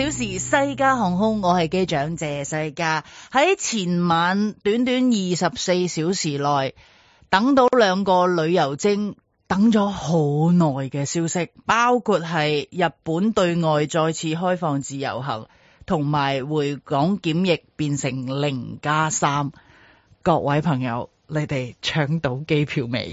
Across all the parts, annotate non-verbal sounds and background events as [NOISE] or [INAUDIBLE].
小時西加航空，我係機長謝世嘉。喺前晚短短二十四小時內等到兩個旅遊精，等咗好耐嘅消息，包括係日本對外再次開放自由行，同埋回港檢疫變成零加三。各位朋友，你哋搶到機票未？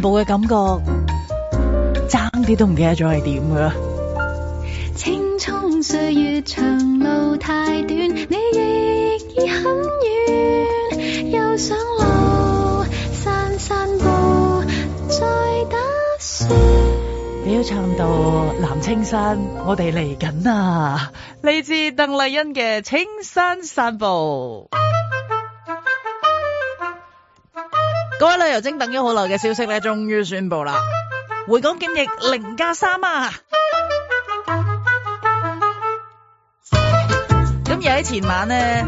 步嘅感覺，爭啲都唔記得咗係點㗎啦。青蔥歲月長路太短，你亦已很遠。又上路，散散步，再打算。你要唱到《南青山》，我哋嚟緊啊！嚟自鄧麗欣嘅《青山散步》。又由等咗好耐嘅消息咧，終於宣布啦！回港檢疫零加三啊！咁而喺前晚咧，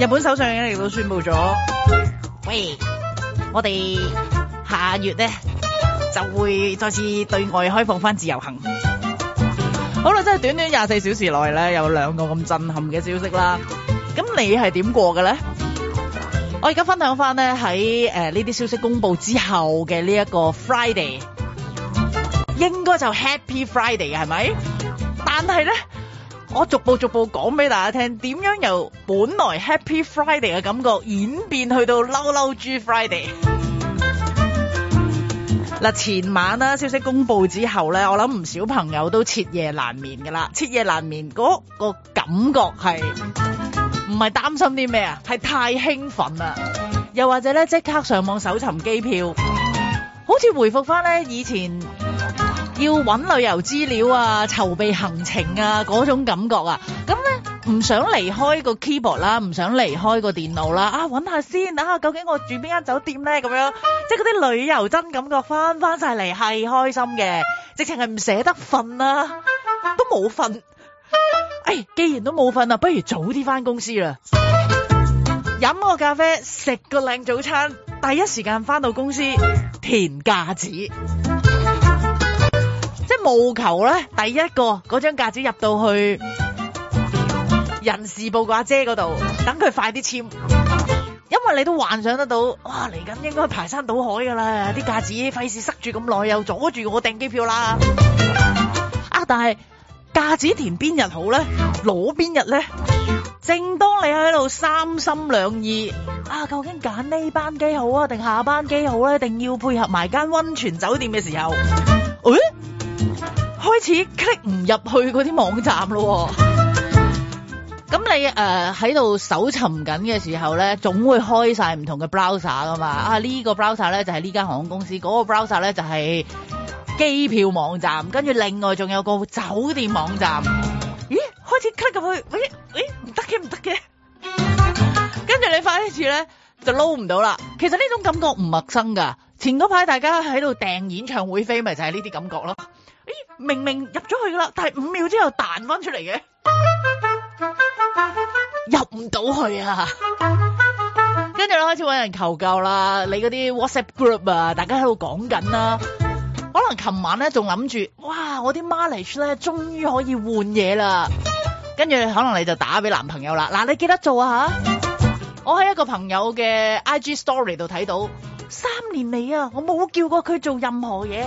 日本首相咧亦都宣布咗，喂，我哋下月咧就會再次對外開放翻自由行。好啦，真係短短廿四小時內咧，有兩個咁震撼嘅消息啦。咁你係點過嘅咧？我而家分享翻咧喺呢啲消息公布之後嘅呢一個 Friday，應該就 Happy Friday 係咪？但係咧，我逐步逐步講俾大家聽，點樣由本來 Happy Friday 嘅感覺演變去到嬲嬲豬 Friday。嗱，前晚啦，消息公布之後咧，我諗唔少朋友都徹夜難眠㗎啦，徹夜難眠嗰個感覺係。唔係擔心啲咩啊，係太興奮啦。又或者咧，即刻上網搜尋機票，好似回覆翻咧以前要揾旅遊資料啊、籌備行程啊嗰種感覺啊，咁咧唔想離開個 keyboard 啦，唔想離開個電腦啦，啊揾下先，等下究竟我住邊間酒店咧咁樣，即係嗰啲旅遊真感覺翻翻曬嚟，係開心嘅，直情係唔捨得瞓啦，啊，都冇瞓。誒、哎，既然都冇瞓啦，不如早啲返公司啦。飲個咖啡，食個靚早餐，第一時間返到公司填假紙，即係務求咧，第一個嗰張假紙入到去人事部個阿姐嗰度，等佢快啲簽。因為你都幻想得到，哇，嚟緊應該排山倒海噶啦，啲假紙費事塞住咁耐，又阻住我訂機票啦。啊，但係。假紙填邊日好咧？攞邊日咧？正當你喺度三心兩意啊，究竟揀呢班機好啊，定下班機好咧？定要配合埋間溫泉酒店嘅時候，誒、哎，開始 click 唔入去嗰啲網站咯。咁 [MUSIC] 你誒喺度搜尋緊嘅時候咧，總會開晒唔同嘅 browser 噶嘛。啊，呢、這個 browser 咧就係呢間航空公司，嗰、那個 browser 咧就係、是。機票網站，跟住另外仲有個酒店網站。咦，開始 click 入去，喂喂，唔得嘅唔得嘅。跟住你發一次咧就撈唔到啦。其實呢種感覺唔陌生㗎。前嗰排大家喺度訂演唱會飛，咪就係呢啲感覺咯。咦，明明入咗去㗎啦，但係五秒之後彈翻出嚟嘅，入唔到去啊。跟住咧，開始揾人求救啦。你嗰啲 WhatsApp group 啊，大家喺度講緊啦。可能琴晚咧仲諗住，哇！我啲 mileage 咧終於可以換嘢啦，跟住可能你就打俾男朋友啦。嗱，你記得做啊吓？我喺一個朋友嘅 IG Story 度睇到，三年嚟啊，我冇叫過佢做任何嘢，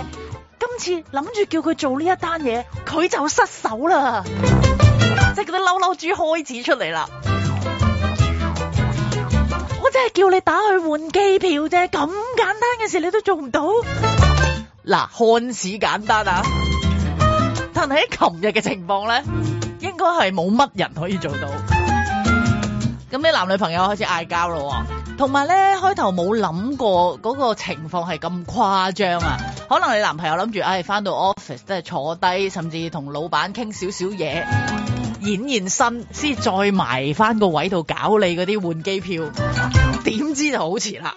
今次諗住叫佢做呢一單嘢，佢就失手啦，即係覺得嬲嬲豬開始出嚟啦。 [NOISE] 我真係叫你打去換機票啫，咁簡單嘅事你都做唔到。嗱，看似簡單啊，但係喺琴日嘅情況咧，應該係冇乜人可以做到。咁你男女朋友開始嗌交咯，同埋咧開頭冇諗過嗰個情況係咁誇張啊！可能你男朋友諗住，唉，翻到 office 即係坐低，甚至同老闆傾少少嘢，現現身先再埋翻個位度搞你嗰啲換機票，點知就好遲啦！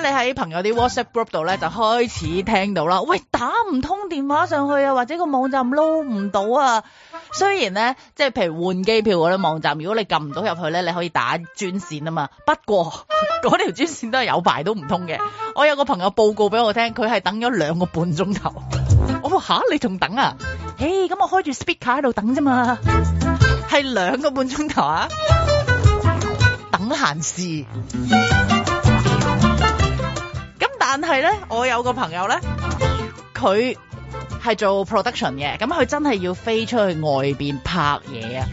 你喺朋友啲 WhatsApp group 度咧就開始聽到啦，喂打唔通電話上去啊，或者個網站撈唔到啊。雖然咧即係譬如換機票嗰啲網站，如果你撳唔到入去咧，你可以打專線啊嘛。不過嗰條專線都係有排都唔通嘅。我有個朋友報告俾我聽，佢係等咗兩個半鐘頭。 [LAUGHS] 我話吓，你仲等啊？誒咁我開住 speaker 喺度等啫嘛，係 [LAUGHS] 兩個半鐘頭啊？ [LAUGHS] 等閒事。但係咧，我有個朋友咧，佢係做 production 嘅，咁佢真係要飛出去外面拍嘢啊！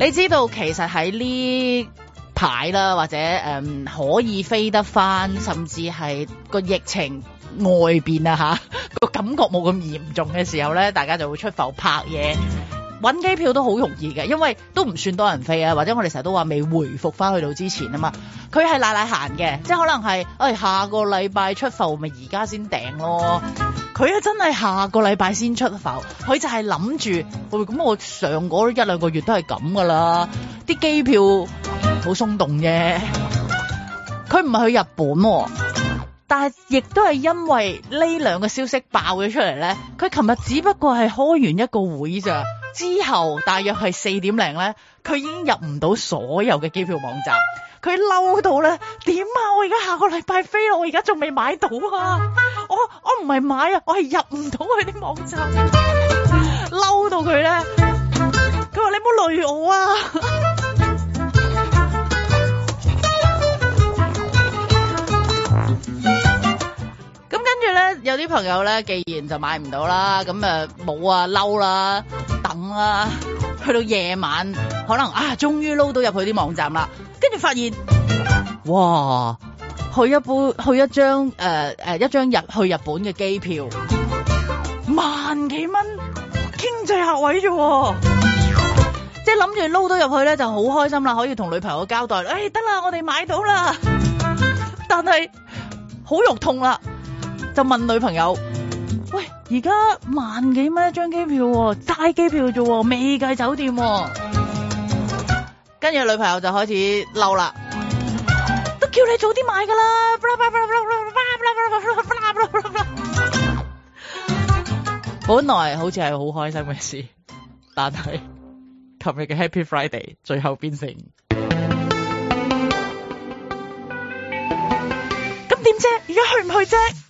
你知道其實喺呢排啦，或者、嗯、可以飛得翻，甚至係個疫情外面啊嚇，個感覺冇咁嚴重嘅時候咧，大家就會出埠拍嘢。揾機票都好容易嘅，因為都唔算多人飛啊，或者我哋成日都話未回復翻去到之前啊嘛。佢係賴賴閒嘅，即係可能係，哎，下個禮拜出埠咪而家先訂咯。佢啊真係下個禮拜先出埠，佢就係諗住，喂、哎，咁我上嗰一兩個月都係咁噶啦，啲機票好鬆動啫。佢唔係去日本、哦，但係亦都係因為呢兩個消息爆咗出嚟咧，佢琴日只不過係開完一個會咋。之後大約係四點零咧，佢已經入唔到所有嘅機票網站，佢嬲 [MUSIC] 到咧點啊！我而家下個禮拜飛，我而家仲未買到啊！我我唔係買啊，我係入唔到佢啲網站，嬲 [LAUGHS] 到佢咧，佢話你唔好累我啊！ [LAUGHS] 跟住咧，有啲朋友咧，既然就買唔到啦，咁啊冇啊，嬲啦，等啦、啊，去到夜晚，可能啊，終於撈到入去啲網站啦，跟住發現，哇，去一張去一張誒誒、呃、一張日去日本嘅機票，萬幾蚊，經濟客位啫，即係諗住撈到入去咧，就好、是、開心啦，可以同女朋友交代，誒得啦，我哋買到啦，但係好肉痛啦。就問女朋友：喂，而家萬幾蚊一張機票喎，齋機票啫喎，未計酒店啊。跟住女朋友就開始嬲啦，都叫你早啲買噶啦！ [LAUGHS] 本來好似係好開心嘅事，但係琴日嘅 Happy Friday 最後變成咁點啫？而家去唔去啫？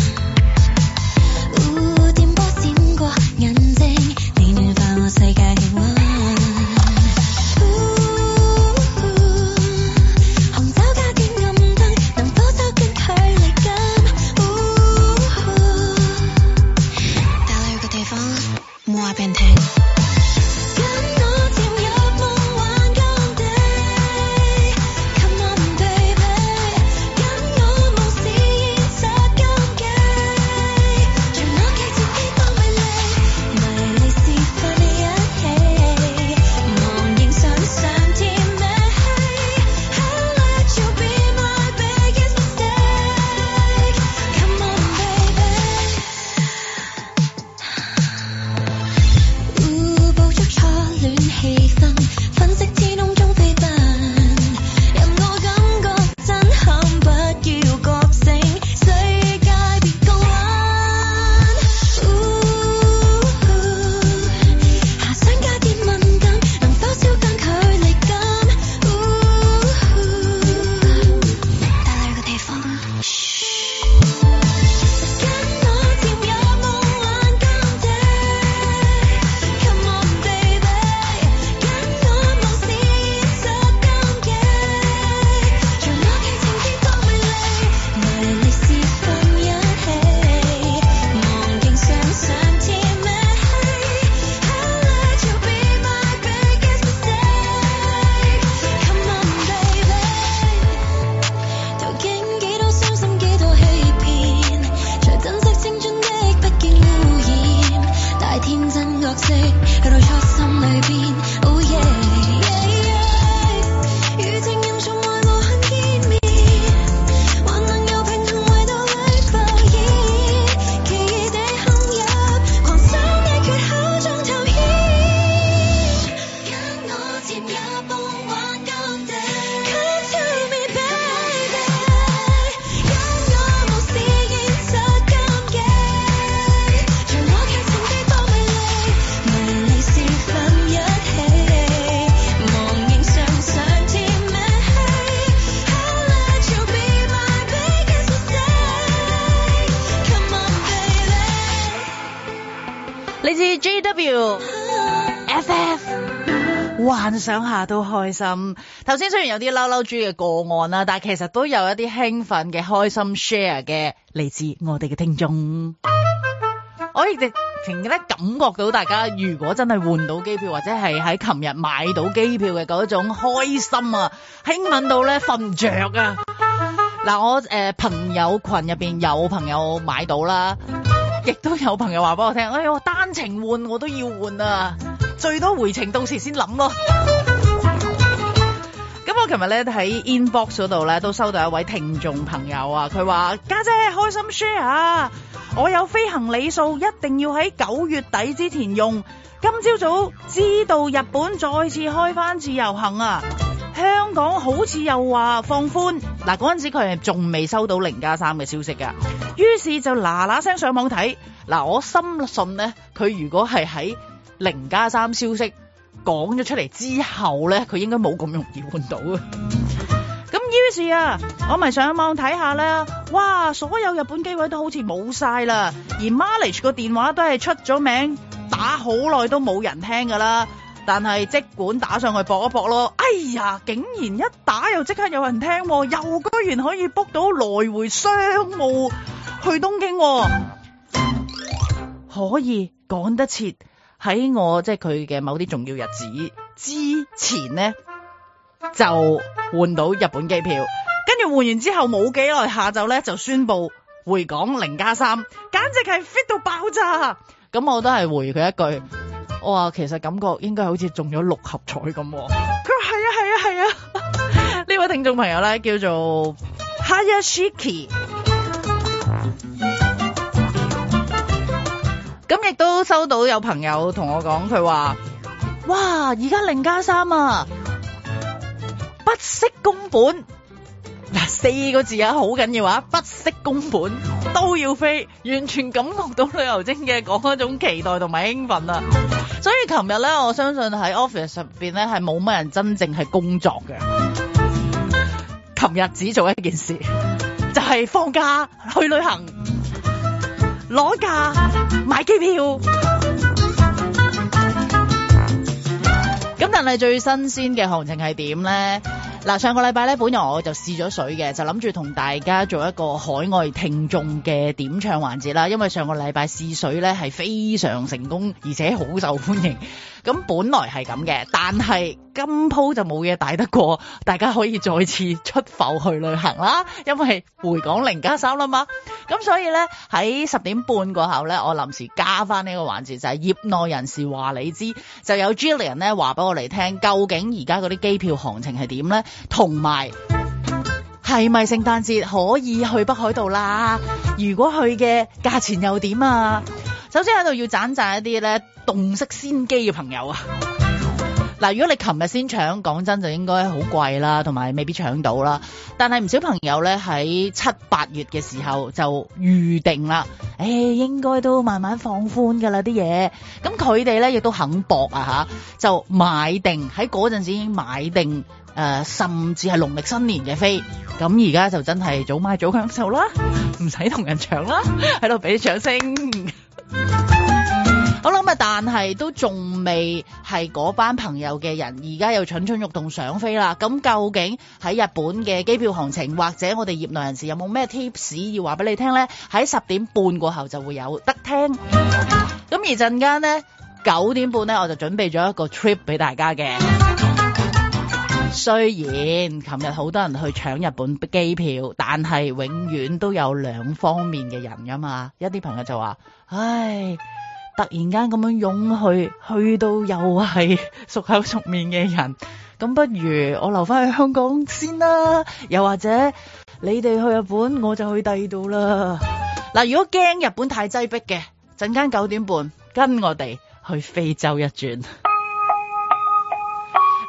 首先雖然有啲嬲嬲豬嘅個案啦，但係其實都有一啲興奮嘅開心 share 嘅嚟，自我哋嘅聽眾。 [MUSIC] 我亦直情咧感覺到大家如果真係換到機票或者係喺琴日買到機票嘅嗰種開心啊，興奮到咧瞓唔着啊！嗱、啊，我誒、呃、朋友群入邊有朋友買到啦，亦都有朋友話俾我聽，哎，我單程換我都要換啊，最多回程到時先諗咯。 [LAUGHS] 琴日咧喺 inbox 嗰度咧都收到一位聽眾朋友啊，佢話家姐，姐開心 share，我有飛行里數一定要喺九月底之前用。今朝早，早知道日本再次開返自由行啊，香港好似又話放寬。嗱嗰陣時佢係仲未收到零加三嘅消息噶，於是就嗱嗱聲上網睇。嗱我深信咧，佢如果係喺零加三消息。講咗出嚟之後咧，佢應該冇咁容易換到。咁於是啊，我咪上網睇下呢。哇！所有日本機位都好似冇晒啦，而 mileage 個電話都係出咗名，打好耐都冇人聽噶啦。但係即管打上去搏一搏咯，哎呀，竟然一打又即刻有人聽，啊，又居然可以 book 到來回商務去東京，啊，可以講得切。喺我即係佢嘅某啲重要日子之前咧，就換到日本機票，跟住換完之後冇幾耐，下晝咧就宣布回港零加三，簡直係 fit 到爆炸。咁我都係回佢一句，我話其實感覺應該好似中咗六合彩咁。佢話係啊係啊係啊，呢、啊啊啊、 [LAUGHS] [LAUGHS] 位聽眾朋友咧叫做 Hiya Shiki。咁亦都收到有朋友同我講，佢話：哇，而家零加三啊，不惜工本，嗱，四個字啊，好緊要啊，不惜工本都要飛，完全感覺到旅遊精嘅嗰一種期待同埋興奮啊！所以琴日咧，我相信喺 office 入邊咧係冇乜人真正係工作嘅，琴日只做一件事，就係放假去旅行。攞價買機票，咁但係最新鮮嘅行程係點呢？嗱，上個禮拜呢，本來我就試咗水嘅，就諗住同大家做一個海外聽眾嘅點唱環節啦。因為上個禮拜試水呢，係非常成功，而且好受歡迎。咁本來係咁嘅，但係今鋪就冇嘢大得過，大家可以再次出埠去旅行啦，因為回港零加三啦嘛。咁所以呢，喺十點半過後呢，我臨時加翻呢個環節，就係業內人士話你知，就有 Julian 呢話俾我嚟聽，究竟而家嗰啲機票行情係點呢？同埋係咪聖誕節可以去北海道啦？如果去嘅價錢又點啊？首先喺度要讚讚一啲咧洞悉先機嘅朋友啊！嗱， [LAUGHS] 如果你琴日先搶，講真的就應該好貴啦，同埋未必搶到啦。但係唔少朋友咧喺七八月嘅時候就預定啦，誒、哎，應該都慢慢放寬噶啦啲嘢。咁佢哋咧亦都肯搏啊吓，就買定，喺嗰陣時候已經買定誒、呃，甚至係農曆新年嘅飛。咁而家就真係早買早享受啦，唔使同人搶啦，喺度俾搶聲。 [LAUGHS] 我諗啊，但係都仲未係嗰班朋友嘅人，而家又蠢蠢欲動上飛啦。咁究竟喺日本嘅機票行情，或者我哋業內人士有冇咩 tips 要話俾你聽呢？喺十點半過後就會有得聽。咁而陣間呢，九點半呢，我就準備咗一個 trip 俾大家嘅。雖然琴日好多人去搶日本機票，但係永遠都有兩方面嘅人㗎嘛。一啲朋友就話：唉，突然間咁樣湧去，去到又係熟口熟面嘅人，咁不如我留翻去香港先啦。又或者你哋去日本，我就去第二度啦。嗱，如果驚日本太擠逼嘅，陣間九點半跟我哋去非洲一轉。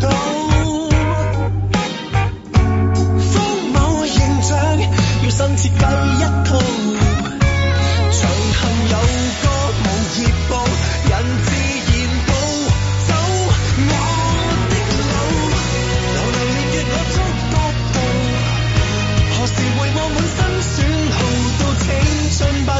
到荒謬形象，要新設計一套。長行有個無業報，人自然步，走我的路，流年月我捉不到，何時為我滿身損耗都青春不再。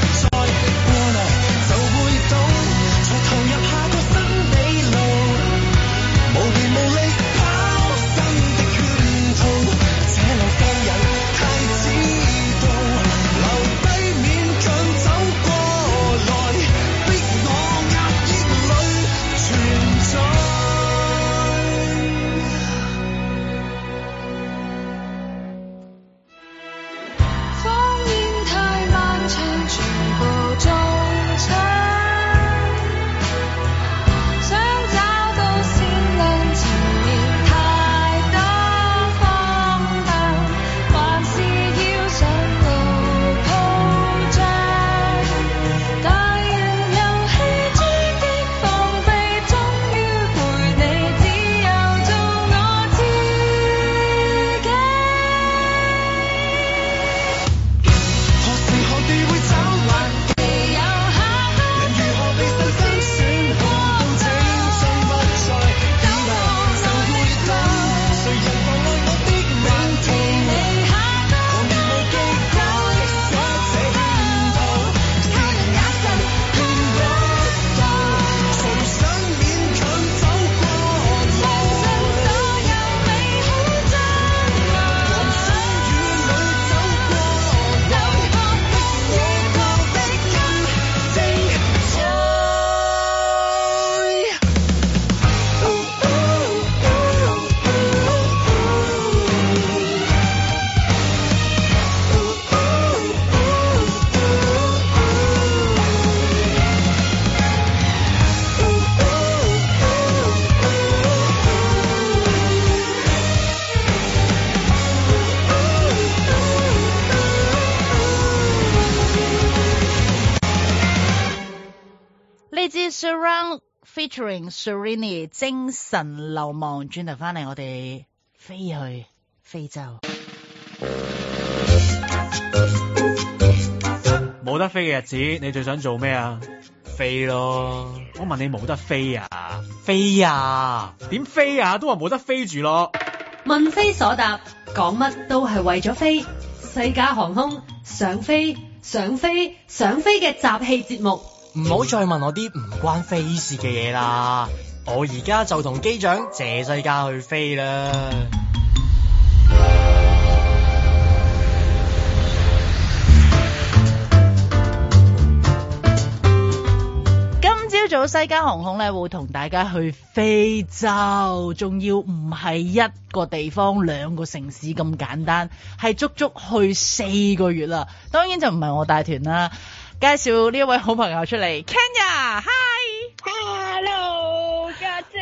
Serenity 精神流亡，轉頭翻嚟我哋飛去非洲。冇得飛嘅日子，你最想做咩啊？飛咯！我問你冇得飛啊？飛啊？點飛啊？都話冇得飛住咯。問飛所答講乜都係為咗飛。西加航空，想飛想飛想飛嘅集氣節目。唔、嗯、好再問我啲唔關飛事嘅嘢啦，我而家就同機長謝世家去飛啦。今朝早西加航空咧，會同大家去非洲，仲要唔係一個地方，兩個城市咁簡單，係足足去四個月啦。當然就唔係我帶團啦。介紹呢一位好朋友出嚟，Kenya，hi，hello 家姐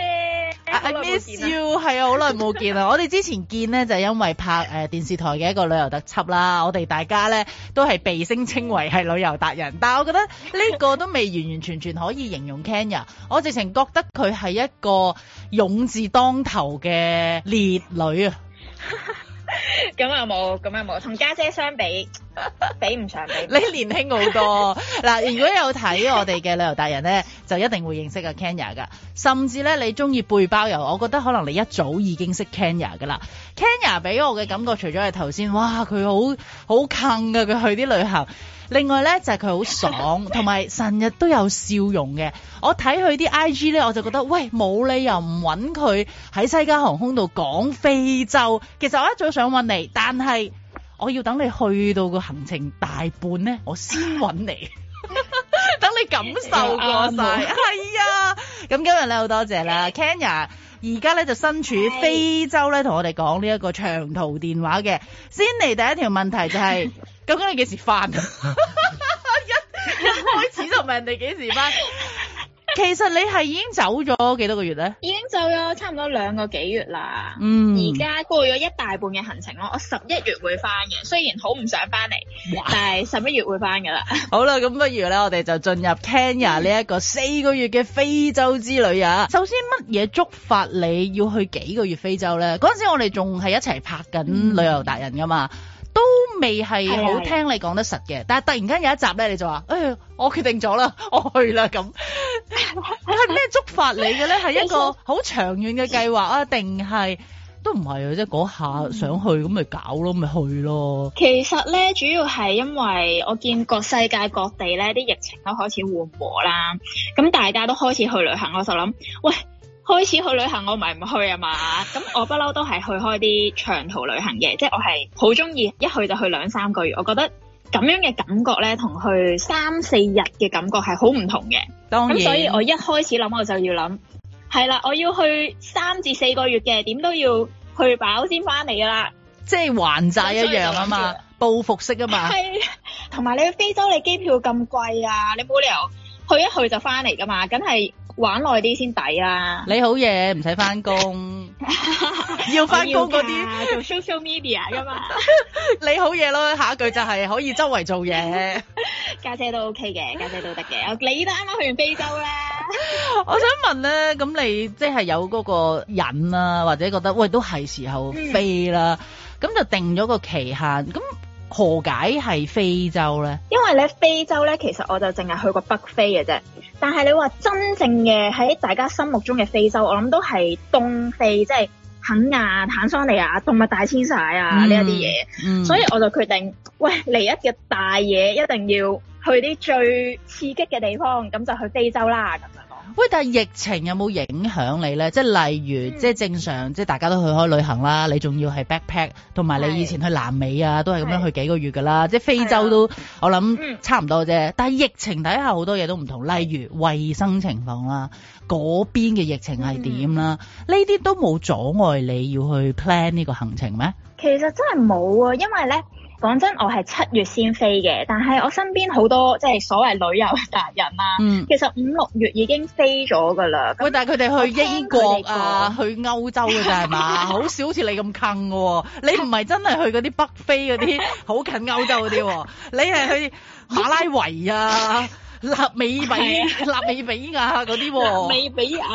，I, I miss you，係 [LAUGHS] 啊，好耐冇見啦。 [LAUGHS] 我哋之前見呢，就係因為拍誒電視台嘅一個旅遊特輯啦。我哋大家咧都係被聲稱為係旅遊達人，但係我覺得呢個都未完完全全可以形容 Kenya。我直情覺得佢係一個勇字當頭嘅烈女啊。咁又冇，咁又冇，同家姐相比。 [LAUGHS] 比唔上，比唔上 [LAUGHS] 你年輕好多，啊。嗱， [LAUGHS] 如果有睇我哋嘅旅遊達人咧，就一定會認識啊 Kenya 噶。甚至咧，你中意背包遊，我覺得可能你一早已經識 Kenya 噶啦。Kenya 俾我嘅感覺，除咗係頭先，哇，佢好好坑噶，佢去啲旅行。另外咧，就係佢好爽，同埋成日都有笑容嘅。我睇佢啲 IG 咧，我就覺得，喂，冇理由唔揾佢喺西加航空度講非洲。其實我一早想揾你，但係。我要等你去到個行程大半咧，我先揾你。 [LAUGHS] [LAUGHS] 等你感受過晒。係、yeah, 啊！咁、yeah. [LAUGHS] Yeah. [LAUGHS] [LAUGHS] 今日咧好多謝啦，Kenya。而家咧就身處非洲咧，同我哋講呢一個長途電話嘅。Hey. 先嚟第一條問題就係、是： [LAUGHS] 究竟你幾時翻？ [LAUGHS] [LAUGHS] 一開始就問人哋幾時翻？ [LAUGHS] [LAUGHS] [LAUGHS] 其實你係已經走咗幾多個月咧？已經走咗差唔多兩個幾月啦。嗯，而家過咗一大半嘅行程咯。我十一月會翻嘅，雖然好唔想翻嚟，但係十一月會翻噶啦。 [LAUGHS] 好啦，咁不如咧，我哋就進入 Ghana 呢一個四個月嘅非洲之旅啊、嗯。首先，乜嘢觸發你要去幾個月非洲咧？嗰陣時我哋仲係一齊拍緊旅遊達人噶嘛。都未係好聽你講得實嘅，但係突然間有一集咧，你就話，誒，我決定咗啦，我去啦咁。係咩 [LAUGHS] 觸發嚟嘅咧？係一個好長遠嘅計劃啊，定 [LAUGHS] 係都唔係啊？即嗰下想去咁咪搞咯，咪、嗯、去咯。其實咧，主要係因為我見各世界各地咧啲疫情都開始緩和啦，咁大家都開始去旅行，我就諗，喂，開始去旅行我咪唔去啊嘛，咁我不嬲都係去開啲長途旅行嘅，即係我係好中意一去就去兩三個月，我覺得咁樣嘅感覺咧，同去三四日嘅感覺係好唔同嘅。當然，所以我一開始諗我就要諗係啦，我要去三至四個月嘅，點都要去飽先翻嚟噶啦。即係還債一樣啊嘛，報復式啊嘛。係，同埋你去非洲，你機票咁貴啊，你冇理由去一去就翻嚟噶嘛，梗係。玩耐啲先抵啦！你好嘢，唔使翻工， [LAUGHS] [LAUGHS] 要翻工嗰啲做 social media 噶嘛？ [LAUGHS] 你好嘢咯，下一句就係可以周圍做嘢。家 [LAUGHS] 姐，姐都 OK 嘅，家姐，姐都得嘅。 [LAUGHS] 你都啱啱去完非洲啦， [LAUGHS] [LAUGHS] 我想問咧，咁你即係有嗰個癮啊，或者覺得喂都係時候飛啦，咁、嗯、就定咗個期限咁。何解係非洲呢？因為咧非洲呢，其實我就淨係去過北非嘅啫。但係你話真正嘅喺大家心目中嘅非洲，我諗都係東非，即係肯亞、坦桑尼亞、動物大遷徙啊呢一啲嘢。所以我就決定，喂嚟一隻大嘢，一定要去啲最刺激嘅地方，咁就去非洲啦。咁樣。喂，但係疫情有冇影響你咧？即係例如，即、嗯、係正常，即係大家都去開旅行啦。你仲要係 backpack，同埋你以前去南美啊，是都係咁樣去幾個月噶啦。是即係非洲都，我諗差唔多啫、嗯。但係疫情底下好多嘢都唔同、嗯，例如衛生情況啦，嗰邊嘅疫情係點啦，呢、嗯、啲都冇阻礙你要去 plan 呢個行程咩？其實真係冇啊，因為咧。講真，我係七月先飛嘅，但係我身邊好多即係所謂旅遊達人啦、啊嗯，其實五六月已經飛咗噶啦。喂，但係佢哋去英國啊，啊去歐洲㗎咋，係 [LAUGHS] 嘛，好少好似你咁坑㗎喎。你唔係真係去嗰啲北非嗰啲，好近歐洲嗰啲喎。你係去馬拉維啊？ [LAUGHS] 納米比，納 [LAUGHS] 米比，啊，米比 [LAUGHS] 啊，嗰啲，納米比啊，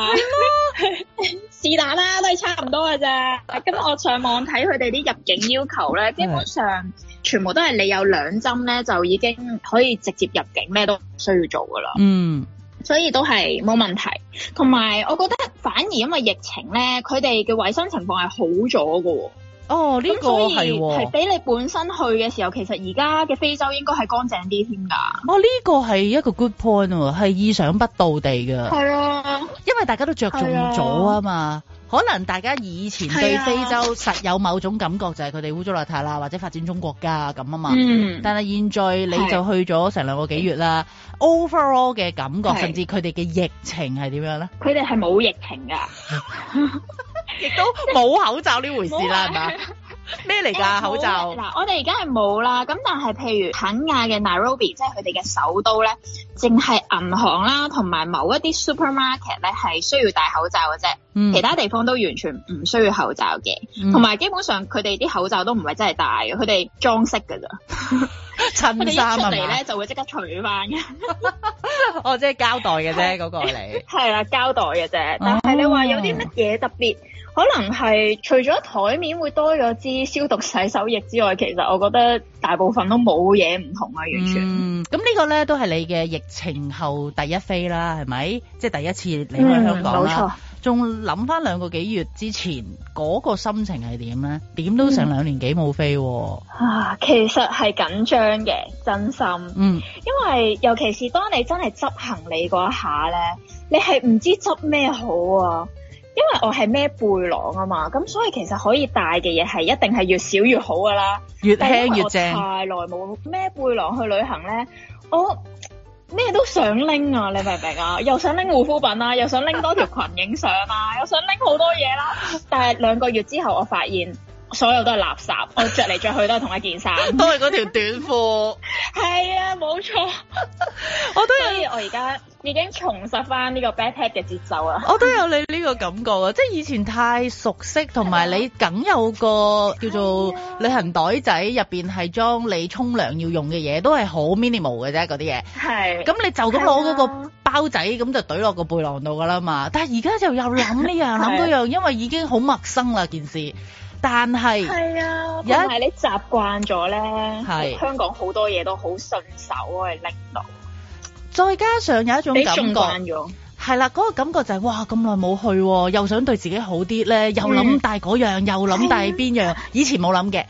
是但啦，都係差唔多噶啫。咁我上網睇佢哋啲入境要求咧，基本上全部都係你有兩針咧，就已經可以直接入境，咩都需要做噶啦。嗯，所以都係冇問題。同埋，我覺得反而因為疫情咧，佢哋嘅衛生情況係好咗噶。哦，呢、呢個係係比你本身去嘅時候，哦、其實而家嘅非洲應該係乾淨啲添㗎。哦，呢、呢個係一個 good point，係意想不到地㗎。係啊，因為大家都着重咗啊嘛，可能大家以前對非洲、啊、實有某種感覺就係佢哋烏糟邋遢啦，或者發展中國家咁啊嘛。嗯、但係現在你就去咗成兩個幾月啦，overall 嘅感覺，甚至佢哋嘅疫情係點樣咧？佢哋係冇疫情㗎。 [LAUGHS] [LAUGHS] 亦 [LAUGHS] 都冇口罩呢回事啦，係嘛？咩嚟噶口罩？嗱，我哋而家係冇啦。咁但係，譬如肯亞嘅 Nairobi，即係佢哋嘅首都咧，淨係銀行啦，同埋某一啲 supermarket 咧，係需要戴口罩嘅啫，嗯。其他地方都完全唔需要口罩嘅。同、嗯、埋基本上佢哋啲口罩都唔係真係戴嘅，佢哋裝飾噶咋。襯 [LAUGHS] 衫衣服 [LAUGHS] 出嚟咧， [LAUGHS] 就會即刻取翻嘅。 [LAUGHS] [LAUGHS] 我即係交代嘅啫，嗰 [LAUGHS] 個你。係 [LAUGHS] 啦，交代嘅啫。但係你話有啲乜嘢特別？Oh. 可能係除咗台面會多咗支消毒洗手液之外，其實我覺得大部分都冇嘢唔同啊，完全。咁、嗯、呢個咧都係你嘅疫情後第一飛啦，係咪？即係第一次離開香港冇、嗯、錯。仲諗翻兩個幾月之前嗰、嗰個心情係點咧？點都成兩年幾冇飛啊、嗯。啊，其實係緊張嘅，真心。嗯。因為尤其是當你真係執行李嗰一下咧，你係唔知執咩好啊！因為我係孭背囊啊嘛，咁所以其實可以帶嘅嘢係一定係越少越好㗎啦，越輕越正。太耐冇孭背囊去旅行咧，我咩都想拎啊！ [LAUGHS] 你明唔明啊？又想拎護膚品啊，又想拎多條裙影相啊， [LAUGHS] 又想拎好多嘢啦。但係兩個月之後，我發現。所有都係垃圾，我着嚟着去都係同一件衫， [LAUGHS] 都係嗰條短褲。係 [LAUGHS] 啊，冇錯， [LAUGHS] [LAUGHS] 我都有。所以我而家已經重拾翻呢個 backpack 嘅節奏啊。 [LAUGHS] 我都有你呢個感覺啊，即係以前太熟悉，同埋你梗有個叫做旅行袋仔入邊係裝你沖涼要用嘅嘢，都係好 minimal 嘅啫。嗰啲嘢係咁你就咁攞嗰個包仔咁、啊、就懟落個背囊度㗎啦嘛。但係而家就又諗呢樣諗嗰樣，因為已經好陌生啦件事。但係，係啊，同埋你習慣咗咧，香港好多嘢都好順手，可以拎到。再加上有一種感覺，係啦，嗰個感覺就係哇，咁耐冇去，又想對自己好啲咧，又諗帶嗰樣，又諗帶邊樣，以前冇諗嘅。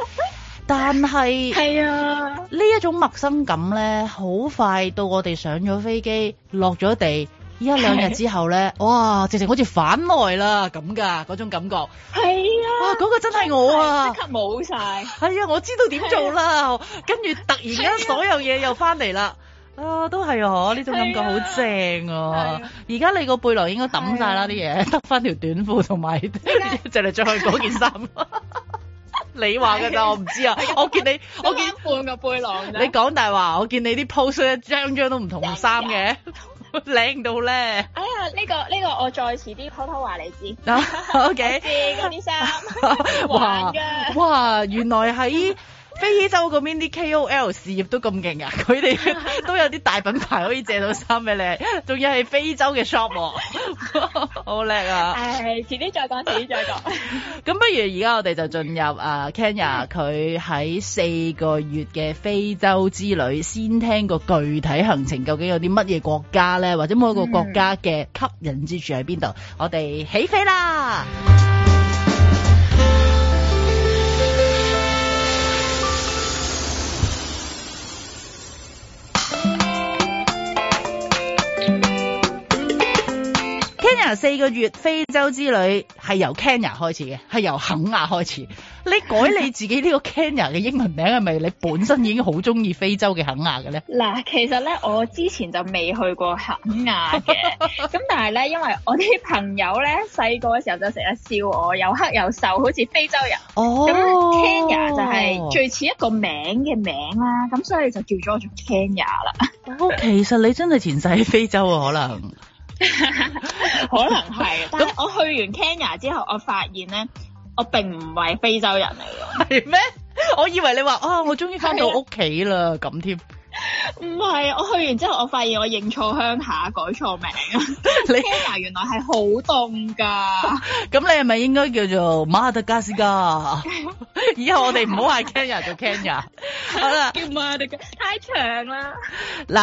但係，係啊，呢一種陌生感咧，好快到我哋上咗飛機，落咗地。一兩日之後咧、啊，哇，直情好似反來啦咁噶，嗰種感覺係啊，嗰、嗰個真係我啊，即刻冇晒。係啊，我知道點做啦，跟住、啊、突然間所有嘢又翻嚟啦。啊，都係嗬、啊，呢、啊、種感覺好正。啊。而家、啊啊、你個背囊應該抌晒啦，啲嘢得翻條短褲同埋，就嚟着去嗰件衫。 [LAUGHS] [LAUGHS] 你話噶咋？我唔知啊。我見你，我見半個背囊。你講大話，我見你啲 post 一張張都唔同衫嘅。靚到咧！哎、uh, 呀、這個，呢個呢個我再遲啲偷偷話你、ah, okay. [LAUGHS] 知。O K，嗰啲衫，玩 [LAUGHS] 哇，哇，原來喺～ [LAUGHS] 非洲嗰邊啲 KOL 事業都咁勁啊！佢 [LAUGHS] 哋都有啲大品牌可以借到衫俾你，仲要係非洲嘅 shop，好叻啊！誒 [LAUGHS] 啊，遲、哎、啲再講，遲啲再講。咁 [LAUGHS] 不如而家我哋就進入啊 Kenya 佢喺四個月嘅非洲之旅，先聽個具體行程究竟有啲乜嘢國家咧，或者每一個國家嘅吸引之處喺邊度？我哋起飛啦！Kenya 四個月非洲之旅係由 Kenya 開始嘅，係由肯亞開始。你改你自己呢個 Kenya 嘅英文名係咪 [LAUGHS] 你本身已經好中意非洲嘅肯亞嘅咧？嗱，其實咧我之前就未去過肯亞嘅，咁 [LAUGHS] 但係咧因為我啲朋友咧細個嘅時候就成日笑我又黑又瘦，好似非洲人。哦，咁 Kenya 就係最似一個名嘅名啦，咁所以就叫咗我做 Kenya 啦。其實你真係前世喺非洲啊，可能。 [LAUGHS] 可能係，但係我去完 Kenya 之後，我發現呢，我並唔係非洲人嚟㗎。係咩？我以為你話，啊，我終於翻到屋企啦咁添。唔係，我去完之後，我發現我認錯鄉下，改錯名。 [LAUGHS] 你 Kenya 原來係好凍㗎。咁 [LAUGHS] 你係咪應該叫做馬達加斯加？ [LAUGHS] 以後我哋唔好嗌 Kenya 做 Kenya，好啦。叫埋我哋嘅太長了笑啦。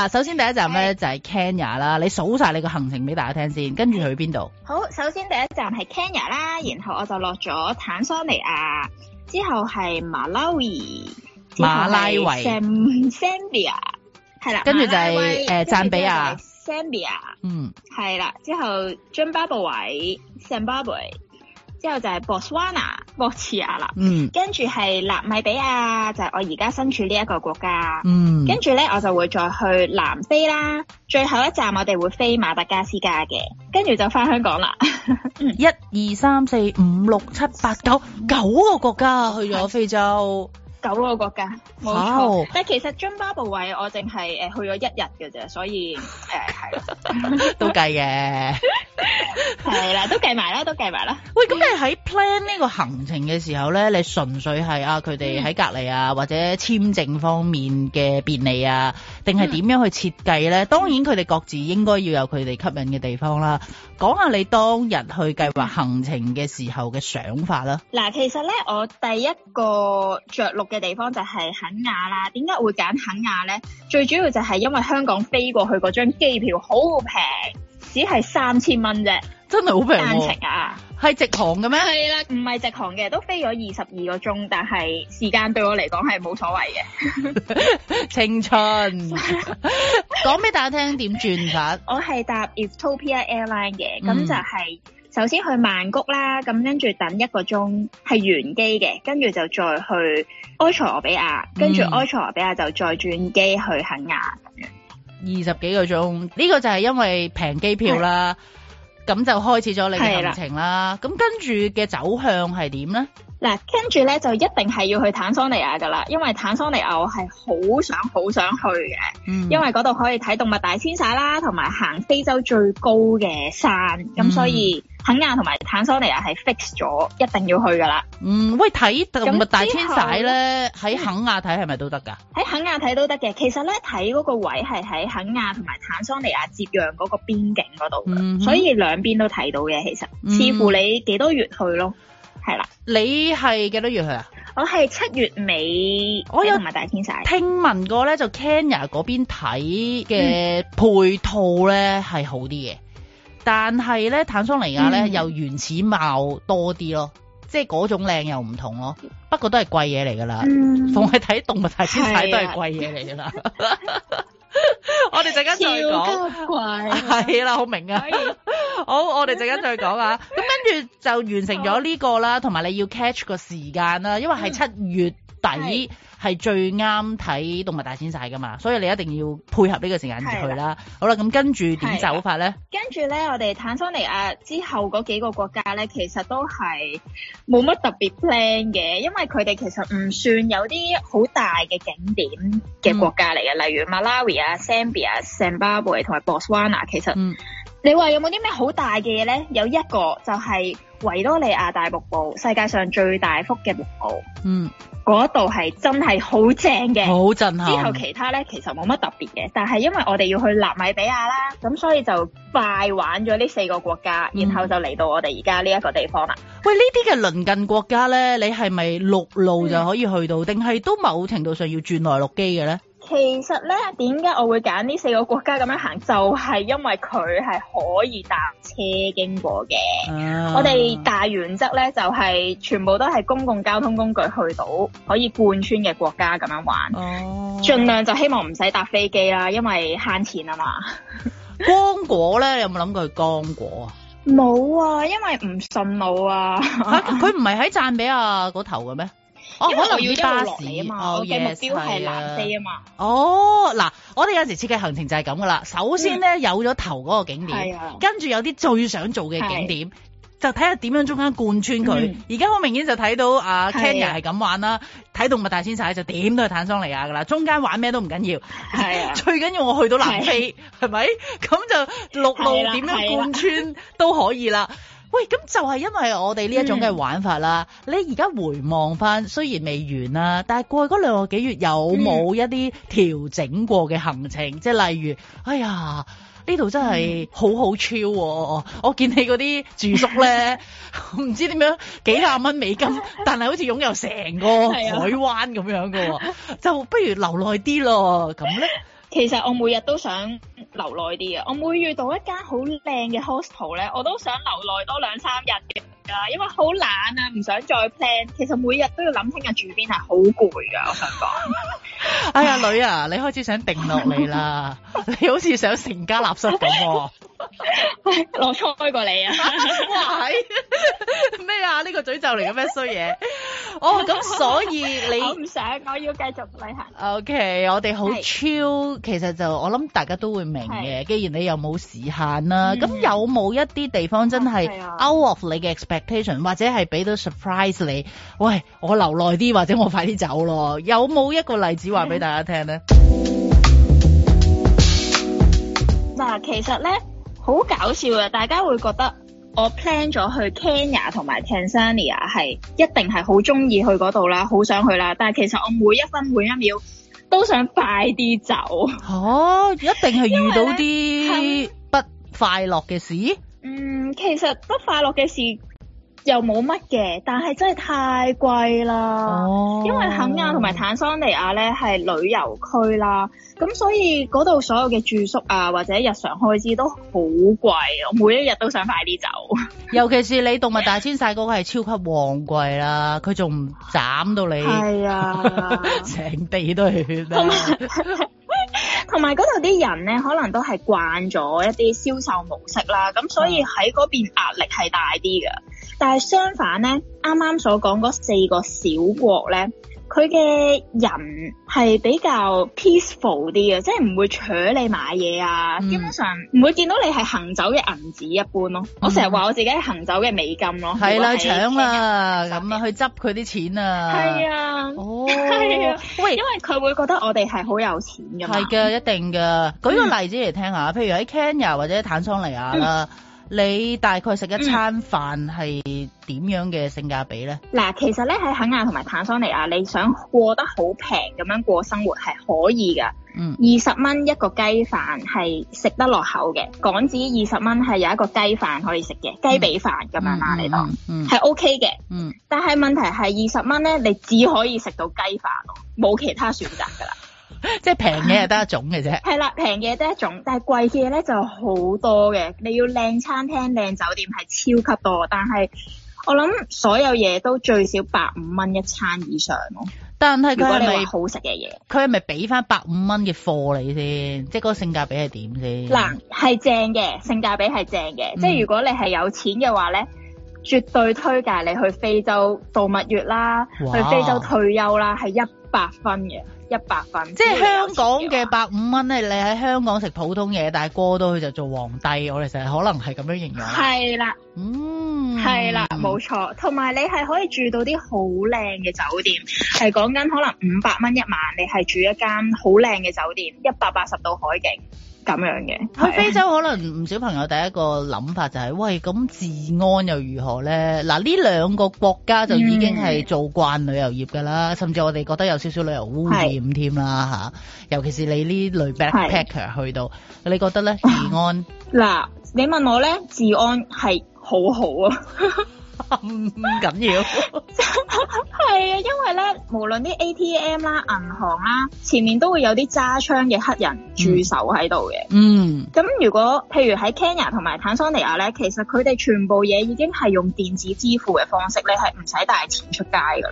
嗱，首先第一站咧就係 Kenya 啦，你數曬你個行程俾大家聽先，跟住去邊度？好，首先第一站係 Kenya 啦，然後我就落咗坦桑尼亞，之後係馬拉維，馬拉維，Sam Zambia 係啦，跟住就係誒贊比亞 Zambia 嗯，係啦，之後津巴布韋 Zimbabwe。之後就係博斯瓦納、博茨瓦納啦，跟住係納米比亞，就係、是、我而家身處呢一個國家，跟住咧我就會再去南非啦，最後一站我哋會飛馬達加斯加嘅，跟住就翻香港啦。一二三四五六七八九九個國家去咗非洲。走咯，我覺得冇錯、哦。但其實津巴布韋，我淨係去咗一日嘅啫，所以誒係、呃、 [LAUGHS] 都計算嘅的，係 [LAUGHS] 啦，都計埋啦，都計埋啦。喂，咁你喺 plan 呢個行程嘅時候咧，你純粹係啊佢哋喺隔籬啊、嗯，或者簽證方面嘅便利啊，定係點樣去設計咧、嗯？當然佢哋各自應該要有佢哋吸引嘅地方啦。講下你當日去計劃行程嘅時候嘅想法啦。嗱，其實咧，我第一個著陸嘅嘅地方就係肯亞啦，點解會揀肯亞咧？最主要就係因為香港飛過去嗰張機票好平，只係三千蚊啫，真係好平。單程啊，係直航嘅咩？係啦，唔係直航嘅，都飛咗二十二個鐘，但係時間對我嚟講係冇所謂嘅。青 [LAUGHS] 春 [LAUGHS] 情緣，講 [LAUGHS] 俾 [LAUGHS] [LAUGHS] 大家聽點轉法？我係搭 Ethiopia Airline 嘅，咁、嗯、就係、是。首先去曼谷啦，咁跟住等一個鐘係完機嘅，跟住就再去埃塞俄比亞，跟住埃塞俄比亞就再轉機去肯亞，二十幾個鐘，呢個就係因為平機票啦，咁就開始咗你嘅行程啦。咁跟住嘅走向係點呢？嗱，跟住咧就一定係要去坦桑尼亞噶啦，因為坦桑尼亞我係好想好想去嘅，嗯，因為嗰度可以睇動物大遷徙啦，同埋行非洲最高嘅山，咁，嗯、所以肯亞同埋坦桑尼亞係 fix 咗，一定要去噶啦。嗯，喂，睇動物大遷徙咧喺肯亞睇係咪都得噶？喺，嗯、肯亞睇都得嘅，其實咧睇嗰個位係喺肯亞同埋坦桑尼亞接壤嗰個邊境嗰度㗎！所以兩邊都睇到嘅，其實似乎你幾多月去咯。係啦，你係幾多月去啊？我係七月尾，我有同埋大遷徙聽聞過咧，就 Kenya 嗰邊睇嘅配套咧係、嗯、好啲嘅，但係咧坦桑尼亞咧、嗯、又原始貌多啲咯，即係嗰種靚又唔同咯。不過都係貴嘢嚟噶啦，逢係睇動物大遷徙、嗯，都係貴嘢嚟噶啦。 [LAUGHS] 我哋陣間再講，係啦、啊， [LAUGHS] 好明㗎、啊 [LAUGHS] [LAUGHS] 好，我哋陣間再講啊。咁跟住就完成咗呢個啦，同埋你要 catch 個時間啦，因為係七月。 [LAUGHS] 底係最啱睇動物大遷徙噶嘛，所以你一定要配合呢個時間去啦。好啦，咁跟住點走法咧？跟住咧，我哋坦桑尼亞之後嗰幾個國家咧，其實都係冇乜特別 plan 嘅，因為佢哋其實唔算有啲好大嘅景點嘅國家嚟嘅、嗯，例如 Malawi 啊、Zambia、Zimbabwe 同埋 Botswana，其實、嗯。你話有冇啲咩好大嘅嘢呢？有一個就係維多利亞大瀑布，世界上最大幅嘅瀑布。嗯，嗰度係真係好正嘅，好震撼。之後其他呢，其實冇乜特別嘅，但係因為我哋要去納米比亞啦，咁所以就快玩咗呢四個國家，然後就嚟到我哋而家呢一個地方啦。嗯。喂，呢啲嘅鄰近國家呢，你係咪陸路就可以去到，定、嗯、係都某程度上要轉內陸機嘅呢？其實咧，點解我會揀呢四個國家咁樣行？就係、是、因為佢係可以搭車經過嘅。啊、我哋大原則咧，就係、是、全部都係公共交通工具去到可以貫穿嘅國家咁樣玩。哦，盡量就希望唔使搭飛機啦，因為慳錢啊嘛。剛 [LAUGHS] 果咧，有冇諗過去剛果啊？冇啊，因為唔順路啊。吓，佢唔係喺贊比亞嗰頭嘅咩？我可能要巴士，我嘅目標係南非啊嘛。哦，嗱、哦啊哦，我哋有時設計行程就係咁噶啦。首先咧、嗯、有咗頭嗰個景點，跟、嗯、住有啲最想做嘅景點，嗯、就睇下點樣中間貫穿佢。而家好明顯就睇到阿、啊嗯、Kenya 係咁玩啦，睇、嗯、動物大遷徙就點都係坦桑尼亞噶啦。中間玩咩都唔緊要、嗯，最緊要我去到南非，係、嗯、咪？咁就陸路點、嗯、樣貫穿都可以啦。喂，咁就係因為我哋呢一種嘅玩法啦、嗯。你而家回望返，雖然未完啦，但係過去嗰兩個幾月有冇一啲調整過嘅行程？即、嗯、係例如，哎呀，呢度真係好好超喎！我見你嗰啲住宿咧，唔 [LAUGHS] 知點樣幾萬蚊美金， [LAUGHS] 但係好似擁有成個海灣咁樣喎。 [LAUGHS] 是的 [LAUGHS] 就不如留耐啲咯。咁咧。其實我每日都想留耐啲啊，我每遇到一間好靚嘅 hostel 咧，我都想留耐多兩三日嘅。因為好懶啊，唔想再 plan。其實每日都要諗聽日住邊係好攰噶，我想講。哎呀 [LAUGHS] 女啊，你開始想定落嚟啦， [LAUGHS] 你好似想成家立室咁。 [LAUGHS] 我錯開過你啊！哇 [LAUGHS] 咩 [LAUGHS] 啊？呢、這個詛咒嚟嘅咩衰嘢？哦咁，所以你我唔想，我要繼續旅行。O、okay, K，我哋好 chill，其實就我諗大家都會明嘅。既然你又冇時限啦、啊，咁、嗯、有冇一啲地方真係 out of 你嘅 e x p e c 或者係俾到 surprise 你，喂，我留耐啲，或者我快啲走咯。有冇一個例子話俾大家聽咧？嗱， [LAUGHS] 其實咧好搞笑嘅，大家會覺得我 plan 咗去 Kenya 同埋 Tanzania 係一定係好中意去嗰度啦，好想去啦。但係其實我每一分每一秒都想快啲走哦。一定係遇到啲不快樂嘅事？嗯，其實不快樂嘅事。又冇乜嘅，但係真係太貴啦，oh。因為肯亞同埋坦桑尼亞咧係旅遊區啦，咁所以嗰度所有嘅住宿啊或者日常開支都好貴，我每一日都想快啲走。尤其是你動物大遷徙嗰個係超級旺季啦，佢仲斬到你，係啊，成 [LAUGHS] 地都係血啦。 [LAUGHS] 同埋嗰度啲人咧，可能都係慣咗一啲銷售模式啦，咁所以喺嗰邊，壓力係大啲嘅。嗯。但係相反咧，啱啱所講嗰四個小國咧。佢嘅人係比較 peaceful 啲啊，即係唔會搶你買嘢啊，基本上唔會見到你係行走嘅銀紙一般咯。嗯、我成日話我自己係行走嘅美金咯。係啦，搶啦咁啊去執佢啲錢啊。係啊，哦，係啊，喂，因為佢會覺得我哋係好有錢㗎嘛。係嘅，一定㗎。舉個例子嚟聽下，嗯、譬如喺 Kenya 或者坦桑尼亞啦。嗯你大概食一餐飯係點樣嘅性價比呢？嗱、嗯，其實咧喺肯亞同埋坦桑尼亞，你想過得好平咁樣過生活係可以噶。嗯，二十蚊一個雞飯係食得落口嘅，港紙二十蚊係有一個雞飯可以食嘅、嗯，雞髀飯咁樣啦，你、嗯、當，係、嗯嗯、OK 嘅。嗯，但係問題係二十蚊咧，你只可以食到雞飯，冇其他選擇噶啦。 [LAUGHS] 即係平嘢係得一種嘅啫，係 [LAUGHS] 啦，平嘢得一種，但係貴嘅呢咧就好多嘅。你要靚餐廳、靚酒店係超級多，但係我諗所有嘢都最少百五蚊一餐以上咯。但係佢係咪好食嘅嘢？佢係咪俾翻百五蚊嘅貨你先？即係嗰個性價比係點先？嗱，係正嘅，性價比係正嘅。即係如果你係、嗯、有錢嘅話咧，絕對推介你去非洲度蜜月啦，去非洲退休啦，係一。一百分嘅一百分，即係香港嘅百五蚊咧。你喺香港食普通嘢，但係過到去就做皇帝。我哋成日可能係咁樣形容。係啦，嗯，係啦，冇錯。同埋你係可以住到啲好靚嘅酒店，係講緊可能五百蚊一晚，你係住一間好靚嘅酒店，一百八十度海景。咁樣嘅，去非洲可能唔少朋友第一個諗法就係、是，喂，咁治安又如何咧？嗱，呢兩個國家就已經係做慣旅遊業噶啦、嗯，甚至我哋覺得有少少旅遊污染添啦吓，尤其是你呢類 backpacker 去到，你覺得咧治安？嗱， [LAUGHS] 你問我咧，治安係好好啊。 [LAUGHS] 唔 [LAUGHS] 緊樣要，係 [LAUGHS] 啊，因為咧，無論啲 ATM 啦、銀行啦，前面都會有啲揸槍嘅黑人駐守喺度嘅。嗯，咁如果譬如喺 Kenya 同埋坦桑尼亞咧，其實佢哋全部嘢已經係用電子支付嘅方式，你係唔使帶錢出街噶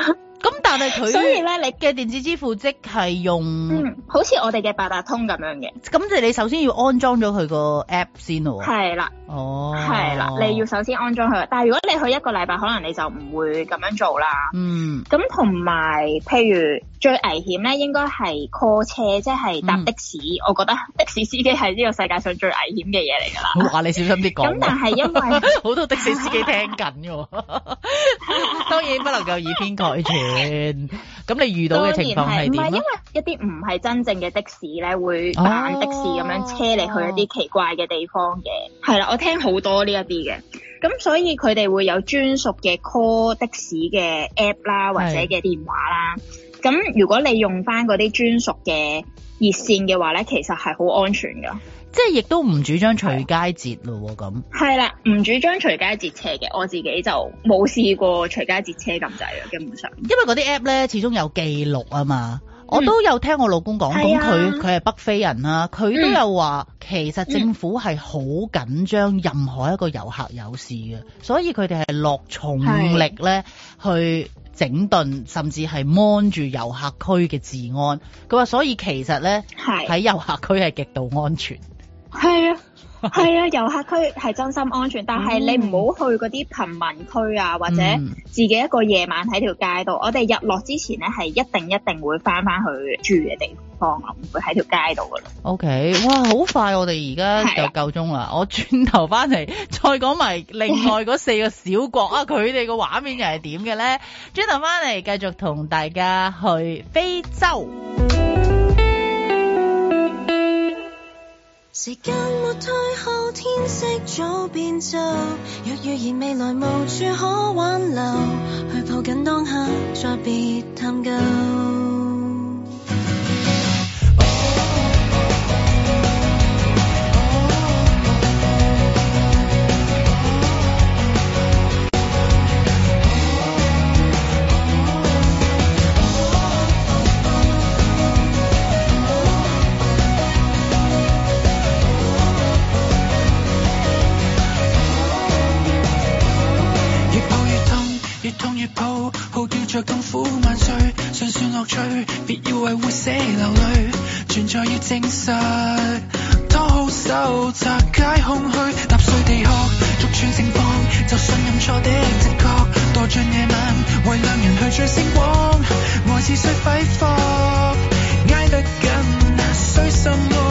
啦。 [LAUGHS] 咁但係佢，所以咧，你嘅電子支付即係用，嗯，好似我哋嘅八達通咁樣嘅。咁即係你首先要安裝咗佢個 app 先咯。係啦。哦。係啦，你要首先安裝佢。但係如果你去一個禮拜，可能你就唔會咁樣做啦。嗯。咁同埋，譬如最危險咧，應該係 call 車，即係搭的士、嗯。我覺得的士司機係呢個世界上最危險嘅嘢嚟㗎啦。我話你小心啲講。咁但係因為好 [LAUGHS] 多的士司機聽緊㗎喎， [LAUGHS] [LAUGHS] 當然不能夠以偏概全。咁 [LAUGHS] 你遇到嘅情況係點？唔係因為一啲唔係真正嘅的，的士咧，會扮的士咁樣車你去一啲奇怪嘅地方嘅。係、oh. 啦，我聽好多呢一啲嘅。咁所以佢哋會有專屬嘅 call 的，的士嘅 app 啦，或者嘅電話啦。咁如果你用翻嗰啲專屬嘅熱線嘅話咧，其實係好安全㗎。即係亦都唔主張隨街截咯，咁，係啦，唔主張隨街截車嘅。我自己就冇試過隨街截車咁滯啊，基本上。因為嗰啲 app 咧始終有記錄啊嘛、嗯，我都有聽我老公講講佢，佢係、啊、北非人啦、啊，佢都有話、嗯、其實政府係好緊張任何一個遊客有事嘅、嗯，所以佢哋係落重力咧去整頓，甚至係掹住遊客區嘅治安。佢話所以其實咧喺遊客區係極度安全。係 [LAUGHS] 啊，係啊，遊客區係真心安全，但係你唔好去嗰啲貧民區啊，或者自己一個夜晚喺條街度。 [LAUGHS] 我哋日落之前咧，係一定一定會翻翻去住嘅地方，唔會喺條街度噶啦。OK，哇，好快 [LAUGHS] 我哋而家就夠鐘啦，我轉頭翻嚟再講埋另外嗰四個小國啊，佢哋個畫面又係點嘅咧？轉頭翻嚟繼續同大家去非洲。時間沒退後，天色早變奏。若預言未來無處可挽留，去抱緊當下，再別探究。痛越抱，號叫着痛苦萬歲，純算樂趣，別要為活死流淚。存在要證實，拖好手，拆解空虛，踏碎地殼，逐寸盛放。就信任錯的直覺，墮進夜晚，為兩人去追星光。愛似水揮霍，挨得緊，需什麼？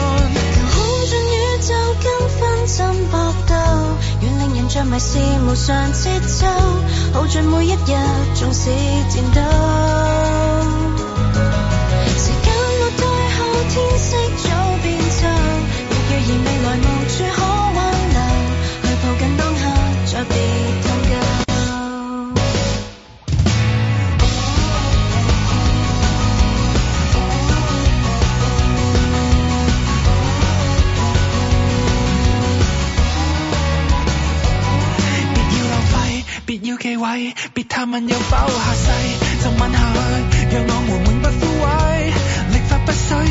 迷思無常節奏，耗盡每一日，縱使戰鬥，時間沒退後，天色早變秋，若預言未來無處可。別探問有否下世，就吻下，讓我們永不枯萎，曆法不衰。